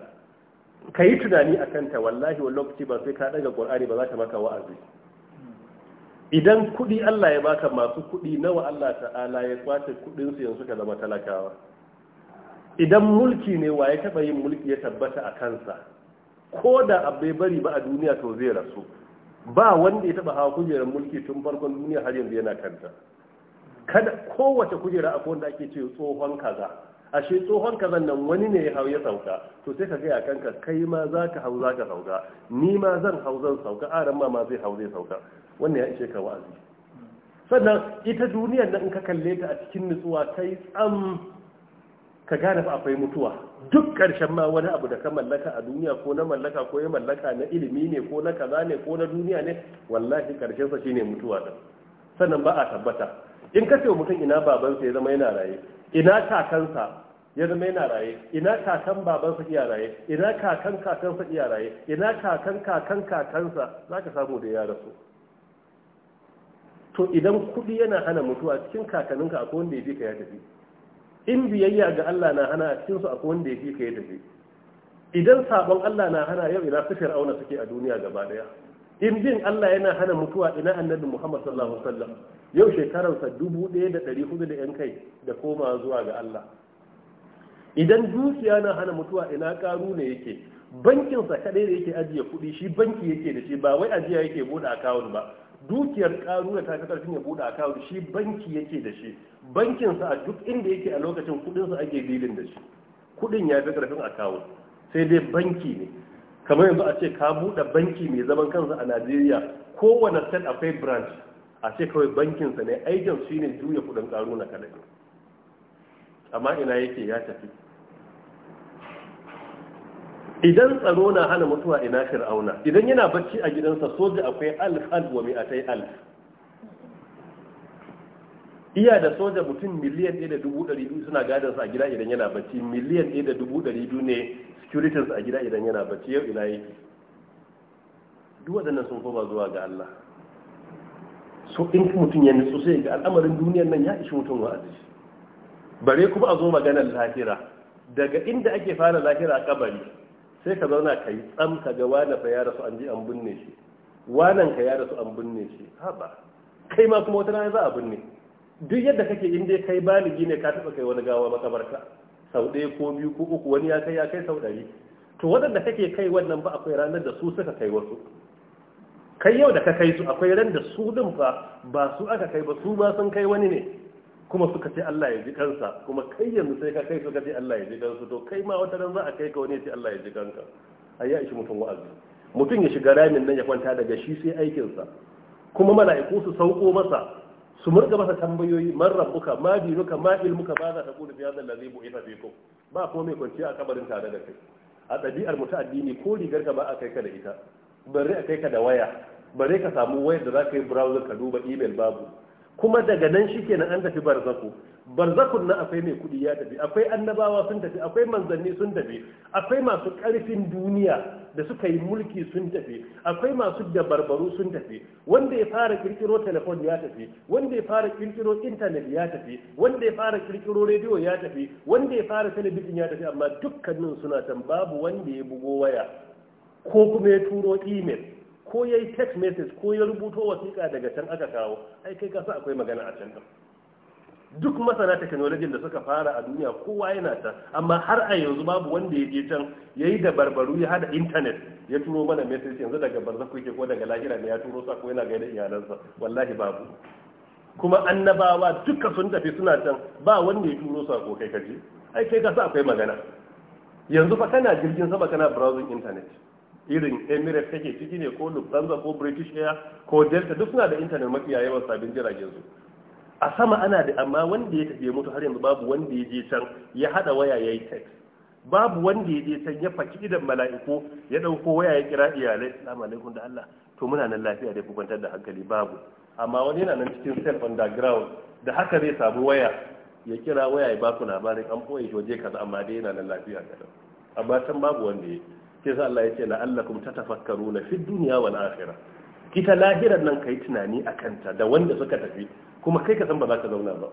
ka yi tunani a kanta wallahi wa lokaci ba sai ka daga ƙwar'ani ba za ta maka wa'azi idan kuɗi Allah ya baka masu kuɗi nawa Allah ta'ala ya kwace kuɗinsu yanzu ka zama talakawa idan mulki ne waye taɓa yin mulki ya tabbata a kansa ko da abai bari ba a duniya to zai rasu ba wanda ya taba hawa kujerar mulki tun farkon duniya har yanzu yana kanta kada kowace kujera akwai wanda ake ce tsohon kaza ashe tsohon kazan nan wani ne ya hau ya sauka to sai ka ga a kanka kai ma za ka hau za ka sauka ni ma zan hau zan sauka aran ma ma zai hau zai sauka wannan ya ishe ka wa'azi sannan ita duniyar nan in ka kalle ta a cikin nutsuwa kai tsam ka gane fa akwai mutuwa duk ƙarshen ma wani abu da ka mallaka a duniya ko na mallaka ko ya mallaka na ilimi ne ko na kaza ne ko na duniya ne wallahi sa shine mutuwa da. sannan ba a tabbata in ka ce mutum ina babansa ya zama yana raye ina kakansa ya zama yana raye ina kakan babansa iya raye ina kakan kakansa iya raye ina kakan kakan kakan za ka samu da ya rasu to idan kuɗi yana hana mutuwa cikin kakaninka akwai wanda ya ka ya tafi in biyayya ga Allah na hana a cikin su akwai wanda yake kai da shi idan sabon Allah na hana yau ina su fir'auna suke a duniya gaba daya in bin Allah yana hana mutuwa ina annabi Muhammad sallallahu alaihi wasallam yau shekarar sa 1400 da yan kai da koma zuwa ga Allah idan dukiya na hana mutuwa ina karu ne yake bankin sa kadai da yake ajiye kuɗi shi banki yake da shi ba wai ajiya yake bude account ba dukiyar karuna ta fi karfin ya buɗe a shi banki yake da shi bankinsa a duk inda yake a lokacin kudinsa ake dilin da shi kudin ya fi karfin kawo sai dai banki ne kamar yanzu a ce ka buɗe banki mai zaman kansa a Najeriya kowane state akwai branch a ce kawai bankinsa ne aikin shi ne juya kudin karuna kadai amma ina yake ya tafi idan tsaro na hana mutuwa ina fir'auna idan yana bacci a gidansa soja akwai alf alf wa mi'atai alf iya da soja mutum miliyan ɗaya da dubu ɗari biyu suna gadon sa a gida idan yana bacci miliyan ɗaya da dubu ɗari biyu ne securities a gida idan yana bacci yau ina yake duk waɗannan sun koma zuwa ga Allah so in mutum ya nutsu sai ga al'amarin duniyar nan ya ishi mutum wa'azi bare kuma a zo maganar lahira daga inda ake fara lahira kabari sai ka zauna ka yi tsam ka ga wane fa ya rasu an ji an binne shi wanan ka ya rasu an binne shi haba kai ma kuma wata rana za a binne duk yadda kake in dai kai baligi ne ka taba kai wani gawa makabarta sau ɗaya ko biyu ko uku wani ya kai ya kai sau ɗari to waɗanda kake kai wannan ba akwai ranar da su suka kai wasu kai yau da ka kai su akwai ran da su din fa ba su aka kai ba su ba sun kai wani ne kuma suka ce Allah ya ji kansa kuma kai yanzu sai ka kai suka ce Allah ya ji kansu to kai ma wata ran za a kai ka wani ya ce Allah ya ji kanka ayya ya ishi mutum wa'azi mutum ya shiga ramin nan ya kwanta daga shi sai aikin sa kuma mala'iku su sauko masa su murga masa tambayoyi man rabbuka ma dinuka ma ilmuka ba za ta kudu fi hadha allazi bu'itha fikum ba kuma mai kwanciya a kabarin tare da kai a ɗabi'ar mu ta addini ko rigar ka ba a kai ka da ita bare a kai ka da waya bare ka samu wayar da za ka yi browser ka duba email babu kuma daga nan shi kenan an tafi barzaku barzakun nan akwai mai kudi ya tafi akwai annabawa sun tafi akwai manzanni sun tafi akwai masu karfin duniya da suka yi mulki sun tafi akwai masu dabarbaru sun tafi wanda ya fara kirkiro telefon ya tafi wanda ya fara kirkiro intanet ya tafi wanda ya fara kirkiro rediyo ya tafi wanda ya fara talabijin ya tafi amma dukkanin suna can babu wanda ya bugo waya ko kuma ya turo imel ko ya yi text message ko ya rubuto wasiƙa daga can aka kawo ai kai kasa akwai magana a can duk masana teknolojin da suka fara a duniya kowa yana ta amma har a yanzu babu wanda ya je can ya yi da barbaru ya hada intanet ya turo mana message yanzu daga barza yake ko daga lahira ne ya turo sa ko yana gaida iyalansa wallahi babu kuma annabawa duka sun tafi suna can ba wanda ya turo sa ko kai kaje ai kai kasa akwai magana yanzu fa kana jirgin sama kana browsing internet irin emirates take ciki ne ko lufthansa ko british air ko delta duk suna da intanet mafiya yawan sabbin jiragen su a sama ana da amma wanda ya tafi mutu har yanzu babu wanda ya je can ya hada waya ya yi text babu wanda ya je can ya faki idan mala'iku ya dauko waya ya kira iyalai assalamu alaikum da Allah to muna nan lafiya da kwantar da hankali babu amma wani yana nan cikin self underground da haka zai samu waya ya kira waya ya ku labarin an koyi shi waje kaza amma dai yana nan lafiya kaza amma can babu wanda ya yi. sai sa Allah ya ce la'allakum tatafakkaruna fid dunya wal akhirah kita lahirar nan kai tunani akan ta da wanda suka tafi kuma kai ka san ba za ka zauna ba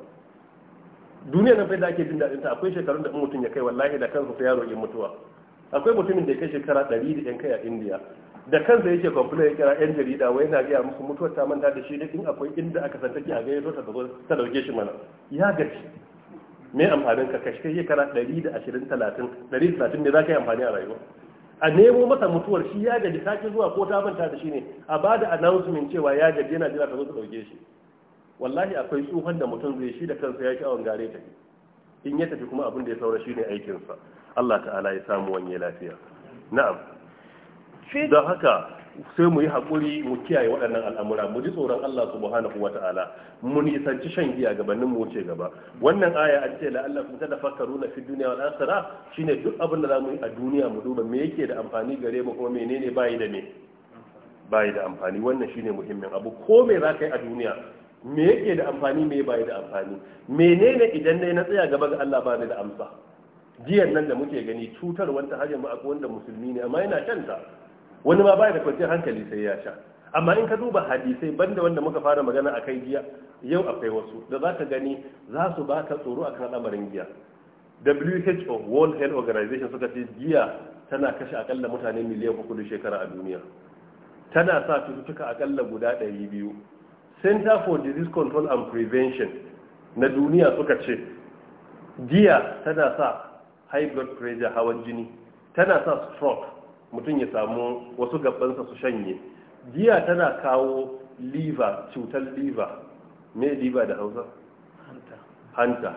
duniya nan fa da ake jin dadin ta akwai shekarun da mutum ya kai wallahi da kansa sai ya roƙi mutuwa akwai mutumin da ya kai shekara 100 da yan kai a India da kansa yake kwamfuta ya kira yan jarida wai na gaya musu mutuwar ta manta da shi da in akwai inda aka san take a gaya zo ta zo ta dauke shi mana ya gaci me amfanin ka kashe shekara 120 30 130 ne za ka yi amfani a rayuwa a nemo masa mutuwar shi ya gaji sake zuwa ko ta manta da shi ne a ba da announcement cewa ya gaji yana jira ta zo ta dauke shi wallahi akwai tsohon da mutum zai shi da kansa ya sha'awar gare ta in ya tafi kuma abin da ya saura shi ne aikinsa Allah ta'ala ya samu wani lafiya na'am don haka sai mu yi haƙuri mu kiyaye waɗannan al'amura mu ji tsoron Allah subhanahu wa ta'ala mu nisanci shan giya gabanin mu wuce gaba wannan aya an ce la'allakum na fi duniya wal akhirah shine duk abin da zamu yi a duniya mu duba me yake da amfani gare mu kuma menene bayi da me bayi da amfani wannan shine muhimmin abu ko me za ka yi a duniya me yake da amfani me bayi da amfani menene idan dai na tsaya gaba ga Allah ba ni da amsa jiyan nan da muke gani cutar wanta har yanzu wanda musulmi ne amma yana canta wani ma bai da kwanciyar hankali sai ya sha amma in ka duba hadisai banda wanda muka fara magana a kai giya yau akwai wasu da za ka gani za su ba ka tsoro a kan al'amarin giya who world health organization suka ce giya tana kashe akalla mutane miliyan uku da shekara a duniya tana sa cututtuka akalla guda ɗari biyu center for disease control and prevention na duniya suka ce giya tana sa high blood pressure hawan jini tana sa stroke mutum ya samu wasu gabansa su shanye giya tana kawo liver cutar liver me liver da hausa hanta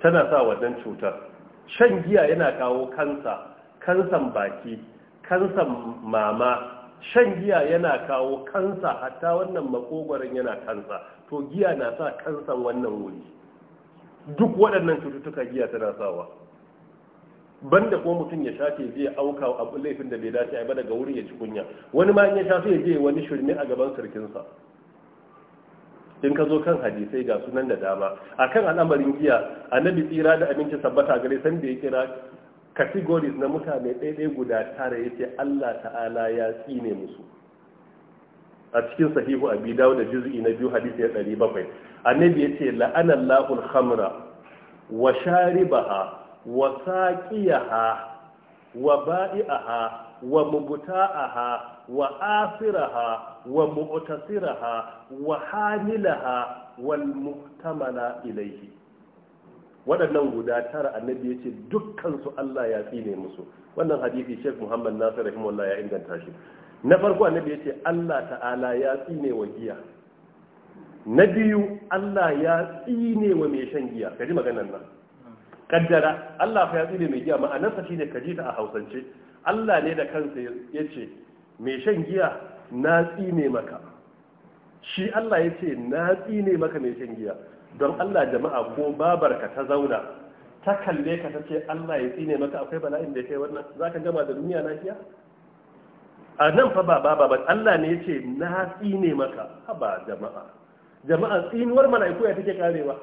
tana sa wannan cutar shan giya yana kawo kansa kansan baki kansan mama shan giya yana kawo kansa hatta wannan makogwaron yana kansa to giya na sa kansan wannan wuri duk waɗannan cututtuka giya tana sawa banda ko mutum ya shafe zai auka abu laifin da bai dace ba daga wurin ya ci kunya wani ma in ya shafe ya je wani shirme a gaban sarkinsa in ka zo kan hadisai ga sunan da dama akan al'amarin giya annabi tsira da aminci sabbata gare san da ya kira categories na mutane ɗaiɗai guda tara yace Allah ta'ala ya tsine musu a cikin sahihu abi dawud da juz'i na biyu hadisi ya 700 annabi yace la'anar Allahul khamra wa sharibaha wa saqiyaha wa ba'i'aha wa mubta'aha wa asiraha wa mu'tasiraha wa hamilaha wal muhtamala ilayhi waɗannan guda tara annabi yace dukkan su Allah ya tsine musu wannan hadisi Sheikh Muhammad Nasir rahimahullah ya inganta shi na farko annabi yace Allah ta'ala ya tsine wa giya na biyu Allah ya tsine wa mai shan giya kaji maganar nan kaddara Allah fa ya tsine mai giya sa shine ka ji ta a hausance Allah ne da kansa yace ce mai shan giya na tsine maka shi Allah yace na tsine maka mai shan giya don Allah jama'a ko babarka ta zauna ta kalle ka ta ce Allah ya tsine maka akwai bala'in da ya kai wannan za ka gama da duniya lafiya a nan fa ba baba ba Allah ne ya na tsine maka haba jama'a jama'a tsinuwar mala'iku ya take karewa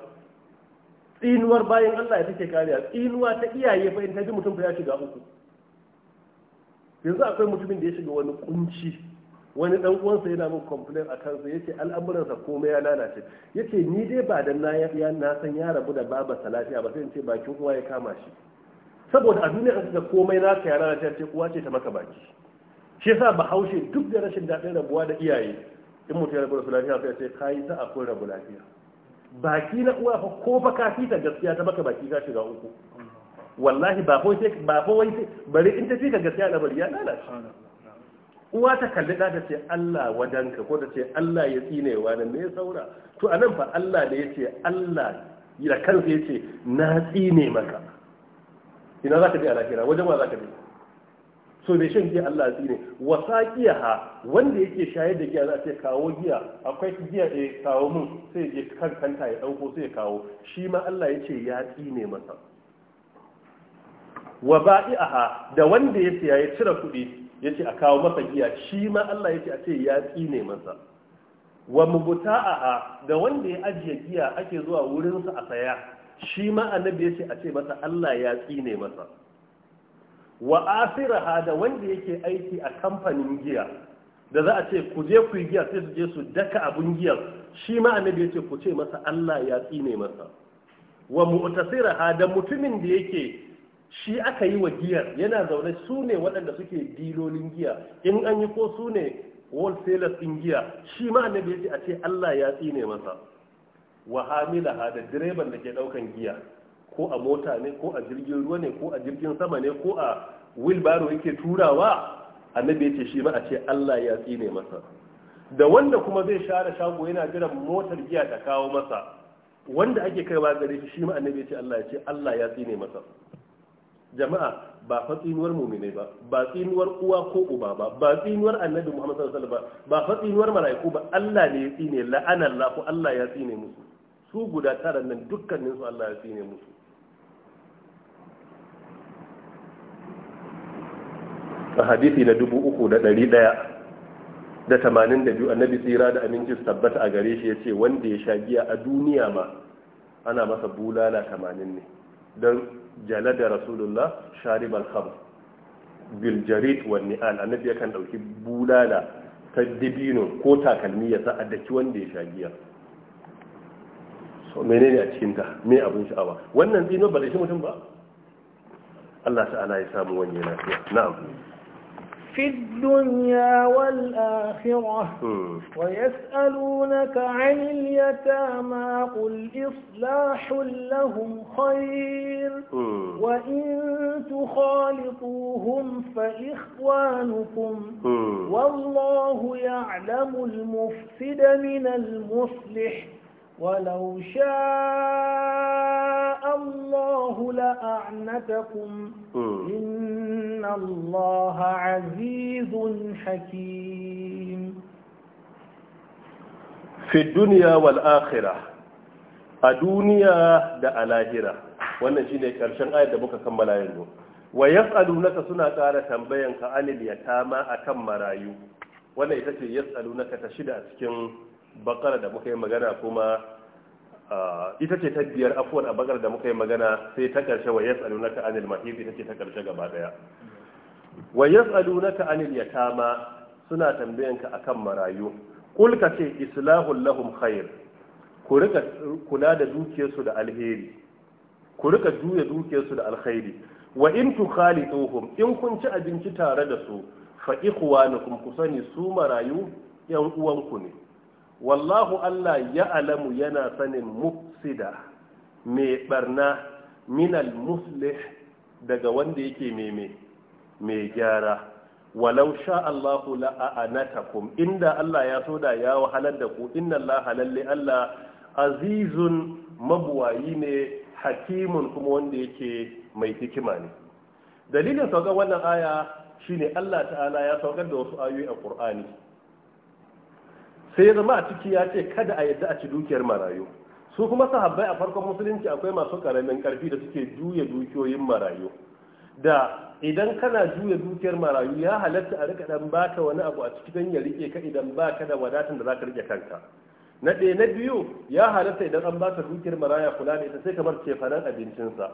tsinuwar bayan Allah ya take kariya tsinuwa ta iyaye fa in ta ji mutum ya shiga uku yanzu akwai mutumin da ya shiga wani kunci wani dan uwansa yana min complain a kansa yace al'amuransa komai ya lalace yace ni dai ba da na ya na san ya rabu da baba salafiya ba sai in ce bakin uwa ya kama shi saboda a duniya an ga komai na ka yara ta ce uwa ce ta maka baki shi yasa bahaushe duk da rashin daɗin rabuwa da iyaye in mutum ya rabu da salafiya sai ya ce kayi ta akwai rabu lafiya baki na uwa fa ko fa ka fita gaskiya ta baka baki ka shiga uku wallahi ba ko sai ba ko wai bari in ta fita gaskiya da bari ya lalace uwa ta kalli da ce Allah wadanka ko ta ce Allah ya tsinewa nan me saura to anan fa Allah ne yace Allah da kansa yace na tsine maka ina za ka bi a lahira wajen wa ka bi so mai shan giya Allah tsine wa giya wanda yake shayar da giya za ta kawo giya akwai giya da kawo mun sai je kan ya dauko sai ya kawo shi ma Allah ya ce ya tsine masa wa ba'i'aha da wanda ya siya ya cire kuɗi ya ce a kawo masa giya shi ma Allah ya ce a ce ya tsine masa wa mubta'aha da wanda ya ajiye giya ake zuwa wurinsa a saya shi ma annabi ya ce a ce masa Allah ya tsine masa wa asiraha da wanda yake aiki a kamfanin giya da za a ce ku je ku yi giya sai su je su daka abun giyar shi ma annabi ya ce ku ce masa Allah ya tsine masa wa mu'tasiraha da mutumin da yake shi aka yi wa giyar yana zaune su ne waɗanda suke dilolin giya in an yi ko su ne wholesalers din giya shi ma annabi ya ce a ce Allah ya tsine masa wa hamilaha da direban da ke ɗaukan giya ko a mota ne ko a jirgin ruwa ne ko a jirgin sama ne ko a wilbaro yake turawa annabi yace shi ma a ce Allah ya tsine masa da wanda kuma zai share shago yana jiran motar giya ta kawo masa wanda ake kaiwa gare shi shi ma annabi yace Allah ya ce Allah ya tsine masa jama'a ba fatsinuwar tsinuwar mu'minai ba ba tsinuwar uwa ko uba ba ba tsinuwar annabi Muhammad sallallahu alaihi wasallam ba ba fatsinuwar mala'iku ba Allah ne ya tsine la'ana Allah ko Allah ya tsine musu su guda tara nan dukkanin su Allah ya tsine musu a hadisi na dubu uku da ɗari daya da tamanin da biyu annabi tsira da aminci tabbata a gare shi ya ce wanda ya sha giya a duniya ma ana masa bulala tamanin ne don jala da rasulullah sharib al biljarit wa ni'al annabi kan ɗauki bulala ta dibino ko takalmi ya sa a daki wanda ya sha giya so menene a cikinta me abin sha'awa wannan zino ba da shi mutum ba Allah ta'ala ya samu wani yana na na'am في الدنيا والآخرة ويسألونك عن اليتامى قل إصلاح لهم خير وإن تخالطوهم فإخوانكم والله يعلم المفسد من المصلح ولو شاء الله لأعنتكم إن الله عزيز حكيم في الدنيا والآخرة الدنيا دا الاهرة wannan shine ƙarshen ayar da muka kammala yanzu wa yas'alunaka suna ƙara tambayanka anil yatama akan marayu wannan ita ce yas'alunaka ta shida a cikin bakara da muka yi magana kuma ita ce ta biyar afuwar a bakar da muka yi magana sai ta karshe wa yas alunaka anil mahib ita ce ta karshe gaba daya wa yas alunaka anil yatama suna tambayanka akan marayu kul ka ce islahun lahum khair ku rika kula da dukiyarsu da alheri ku rika juya dukiyarsu da alkhairi wa in tu tukhalituhum in kun ci abinci tare da su fa ikhwanukum ku sani su marayu yan uwanku ne wallahu Allah ya alamu yana sanin mufsida mai barna minal muslih daga wanda yake meme mai gyara walau sha Allahu la'anatakum inda Allah ya so da ya wahalar da ku inna Allah halalle Allah azizun mabuwayi ne hakimun kuma wanda yake mai hikima ne dalilin saukar wannan aya shine Allah ta'ala ya saukar da wasu ayoyi a Qur'ani sai ya zama a ciki ya ce kada a yadda a ci dukiyar marayu su kuma sahabbai a farkon musulunci akwai masu karamin karfi da suke juya dukiyoyin marayu da idan kana juya dukiyar marayu ya halatta a rika dan baka wani abu a ciki dan ya rike ka idan baka da wadatan da zaka rike kanka na ɗaya na biyu ya halatta idan an baka dukiyar maraya kula da ita sai kamar cefanen abincinsa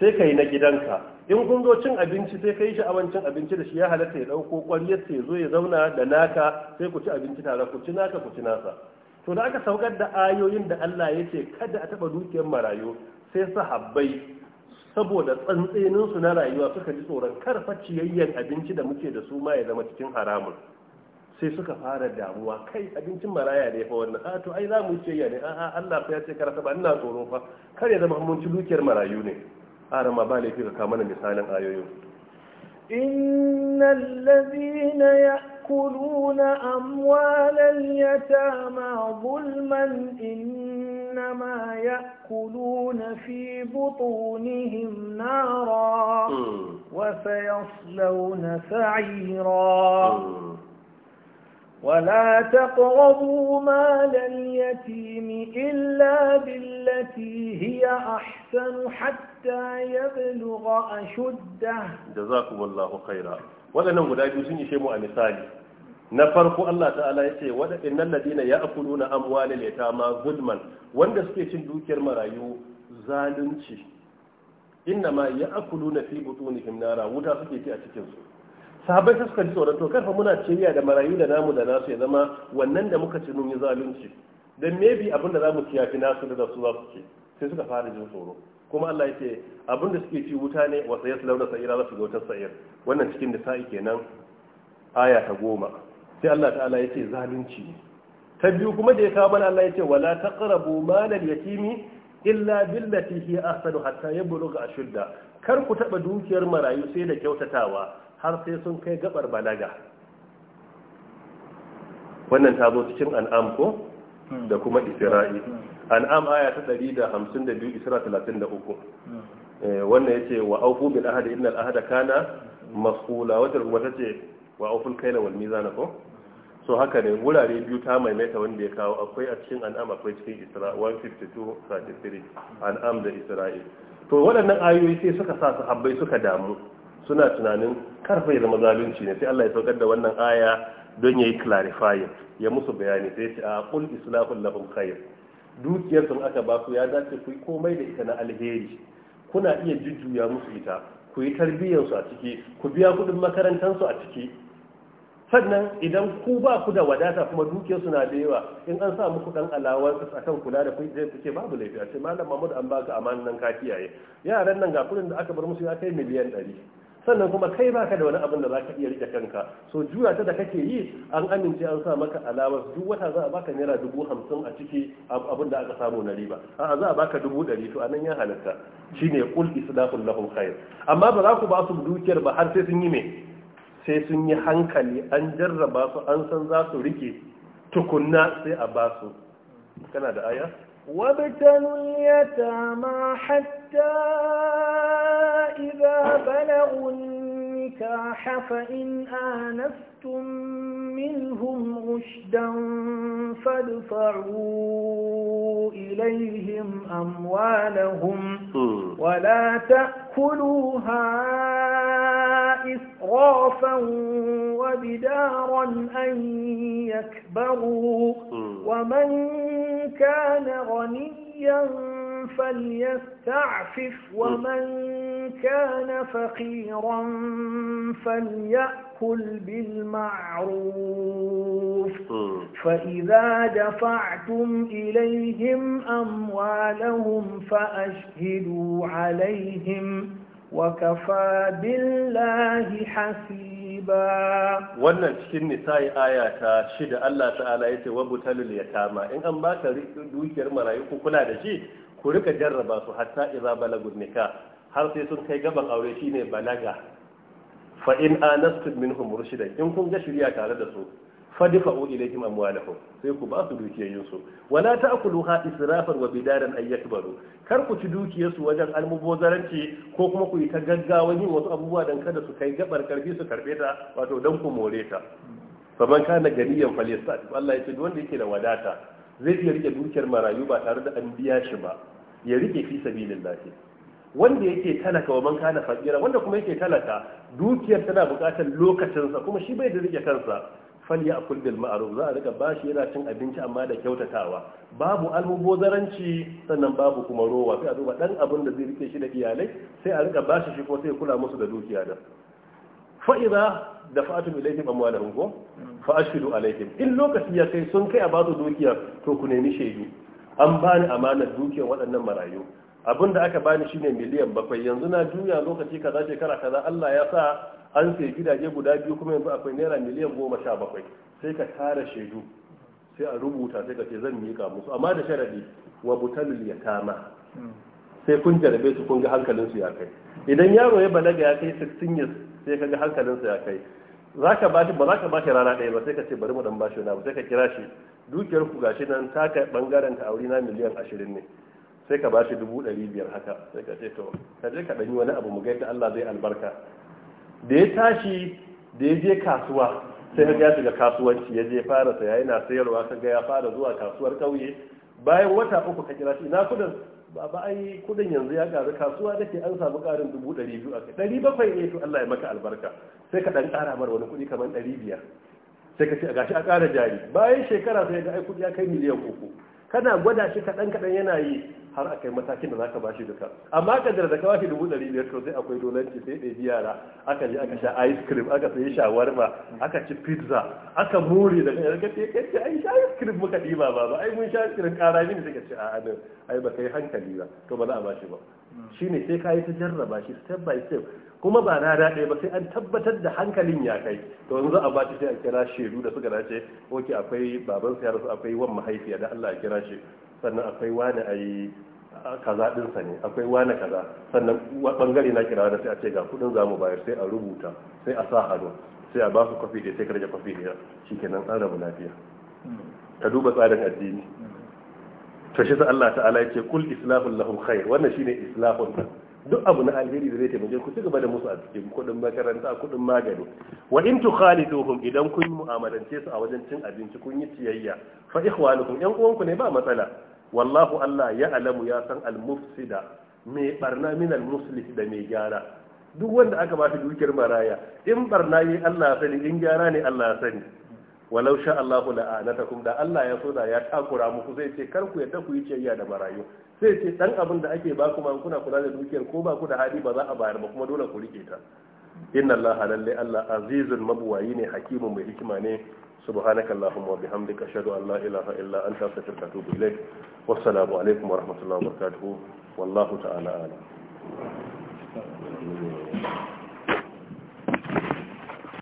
sai ka yi na gidanka in kun zo cin abinci sai kai shi awancin abinci da shi ya halatta ya ɗauko ƙwaryar ya zo ya zauna da naka sai ku ci abinci tare ku ci naka ku ci nasa to da aka saukar da ayoyin da Allah ya ce kada a taba dukiyar marayu sai sahabbai saboda tsantseninsu na rayuwa suka ji tsoron kar ciyayyen abinci da muke da su ma ya zama cikin haramun sai suka fara damuwa kai abincin maraya ne fa wannan a ah, to ai za mu ciyayya ne a'a ah, ah, Allah fa ya ce ta ba ina tsoro fa kar ya zama mun ci dukiyar marayu ne arama ba laifi ka kama na misalin ayoyin innal ladhina ya'kuluna amwalal yatama zulman innama ya'kuluna fi butunihim nara hmm. wa sayaslawna sa'ira hmm. ولا تقربوا مال اليتيم إلا بالتي هي أحسن حتى يبلغ أشده جزاكم الله خيرا ولا نوم لا يجوزين شيء مثالي na farko Allah ta'ala ya ce waɗannan ladina ya akulu na leta yatama zulman wanda suke cin dukiyar marayu zalunci inna ma ya akulu na wuta suke ci a cikinsu. sahabbai fuskar suka ji tsoron to karfa muna ciriya da marayu da namu da nasu ya zama wannan da muka ci mun zalunci dan maybe abin da za mu yafi nasu da su za su sai suka fara jin tsoro kuma Allah yake abin da suke ci wuta ne wa sayas launa sa'ira za su ga wutar sa'ir wannan cikin da sa'i kenan aya ta goma sai Allah ta'ala ce zalunci ta biyu kuma da ya kawo mana Allah ce, wala taqrabu malal yatimi illa billati hi ahsanu hatta yablugha ashudda kar ku taba dukiyar marayu sai da kyautatawa har sai sun kai gabar balaga wannan ta zo cikin an'am ko hmm. da kuma isra'i hmm. an'am aya ta 152 isra 33 hmm. eh, wannan yace wa aufu bil ahdi innal ahda kana mas'ula wata ta ce wa auful kaila wal zana ko so haka ne wurare biyu ta maimaita wanda ya kawo akwai a cikin an'am akwai cikin isra 152 33 an'am da isra'i to waɗannan ayoyi sai suka sa sahabbai suka damu suna tunanin karfa da zama zalunci ne sai Allah ya saukar da wannan aya don yayi clarifying ya musu bayani sai ce a qul islahul lahum khair dukiyar sun aka ba su ya dace ku komai da ita na alheri kuna iya jujjuya musu ita ku yi tarbiyyar su a ciki ku biya kudin makarantar su a ciki sannan idan ku ba ku da wadata kuma dukiyar su na da yawa in an sa muku dan alawar su akan kula da kuɗi kuke babu laifi a ce malam Mahmud an baka amanan ka yaran nan ga kudin da aka bar musu ya kai miliyan ɗari. sannan kuma kai baka da wani abin da zaka iya rike kanka so juya ta da kake yi an amince an sa maka alawar duk wata za a baka naira dubu hamsin a ciki abin da aka samu na riba a'a za a baka dubu ɗari to anan ya halatta shine kul islahul lahum khair amma ba za ku ba su dukiyar ba har sai sun yi me sai sun yi hankali an jarraba su an san za su rike tukunna sai a ba su kana da aya وابتلوا اليتامى حتى إذا بلغوا النكاح فإن آنستم منهم رشدا فادفعوا إليهم أموالهم ولا تأكلوها إسرافا وبدارا أن يكبروا ومن كان غنيا فليستعفف ومن كان فقيرا فليأكل بالمعروف فإذا دفعتم إليهم أموالهم فأشهدوا عليهم وكفى بالله حسيبا wannan cikin nisa'i aya ta shida Allah ta'ala yace wa butalul yatama in an baka dukiyar marayu ku kula da shi ku rika jarraba su hatta idza balagun Nika, har sai sun kai gaban aure shine balaga fa in anastum minhum rushdan in kun ga shirya tare da su fadfa'u ilayhim amwalahum sai ku ba su dukiyoyin su wala ta'kuluha israfan wa bidaran ay yakbaru kar ku ci dukiyarsu wajen almubozaranci ko kuma ku yi ta gaggawa yin wasu abubuwa dan kada su kai gabar karfi su karbe ta wato dan ku more ta faman kana ganiyan falistat Allah ya ce wanda yake da wadata zai iya rike dukiyar marayu ba tare da an biya shi ba ya rike fi lafi wanda yake talaka wa man kana fakira wanda kuma yake talaka dukiyar tana bukatar lokacinsa kuma shi bai da rike kansa falya akul bil ma'ruf za a rika bashi yana cin abinci amma da kyautatawa babu almubozaranci sannan babu kuma rowa sai a duba dan abin da zai rike shi da iyalai sai a rika bashi shi ko sai kula musu da dukiya da fa idza dafa'tum ilayhim amwalahum ko fa ashhidu alayhim in lokaci ya kai sun kai a su dukiya to ku nemi shaidu an bani amanar dukiyar waɗannan marayu abin da aka bani shine miliyan bakwai yanzu na juya lokaci kaza shekara kaza Allah ya sa an sai gidaje guda biyu kuma yanzu akwai naira miliyan goma sha bakwai sai ka tara shaidu sai a rubuta sai ka ce zan miƙa musu amma da sharadi wa butalul yatama sai kun jarabe su kun ga hankalin su ya kai idan yaro ya balaga ya kai 16 years sai ka ga hankalin su ya kai zaka ba ba zaka ba shi rana ɗaya ba sai ka ce bari mu dan shi na sai ka kira shi dukiyar ku gashi nan ta kai bangaren ta aure na miliyan ashirin ne sai ka bashi dubu ɗari biyar haka sai ka ce to ka je ka ɗanyi wani abu mu gaita Allah zai albarka da ya tashi da ya je kasuwa sai ka ya shiga kasuwanci ya je fara saya yana sayarwa ka ga ya fara zuwa kasuwar kauye bayan wata uku ka kira shi na kudin ba ba ai kudin yanzu ya karu kasuwa da ke an samu karin dubu ɗari biyu a kai ɗari bakwai ne to Allah ya maka albarka sai ka ɗan ƙara mar wani kuɗi kamar ɗari biyar sai ka ce gashi a ƙara jari bayan shekara sai ga ai ya kai miliyan uku kana gwada shi kaɗan kaɗan yana yi har a kai matakin da zaka bashi duka amma ka da ka bashi dubu ɗari biyar to sai akwai dolanci sai ɗaya yara aka je aka sha ice cream aka sayi shawarma aka ci pizza aka muri da kan yarka ce kace ai sha ice cream muka ɗiba ba ba ai mun sha ice cream ƙara mini sai ce a'a nan ai ba kai hankali ba to ba za a bashi ba shine sai ka yi ta jarraba shi step by step kuma ba na daɗe ba sai an tabbatar da hankalin ya kai to yanzu a bashi sai a kira shedu da suka dace oke akwai babansa ya rasu akwai wan mahaifiya da Allah ya kira shi sannan akwai wani a yi kaza ɗinsa ne akwai wani kaza sannan ɓangare na kira da sai a ce ga kuɗin za mu bayar sai a rubuta sai a sa hannu sai a ba su kwafi da sai ka rage kwafi da shi kenan an rabu lafiya ka duba tsarin addini to shi sa Allah ta'ala ce kul islahun lahum khair wannan shine islahun duk abu na alheri da zai taimake ku ci gaba da musu a cikin kuɗin makaranta kuɗin magani wa in tukhaliduhum idan kun mu'amalance su a wajen cin abinci kun yi ciyayya fa ikhwanukum yan uwanku ne ba matsala wallahu Allah ya alamu ya san al-mufsida mai barna min al-muslih da mai gyara duk wanda aka ba shi dukiyar maraya in barna yi Allah ya sani in gyara ne Allah ya sani walau sha Allahu la'anatakum da Allah ya so da ya takura muku zai ce kar ku yadda ku yi ciyayya da marayu sai ce dan abin da ake ba kuma kuna kula da dukiyar ko ba ku da hali ba za a bayar ba kuma dole ku rike ta inna Allah lalle Allah azizun mabuwayi ne hakimun mai hikima ne سبحانك اللهم وبحمدك أشهد أن لا إله إلا أنت أستغفرك وأتوب إليك والسلام عليكم ورحمة الله وبركاته والله تعالى أعلم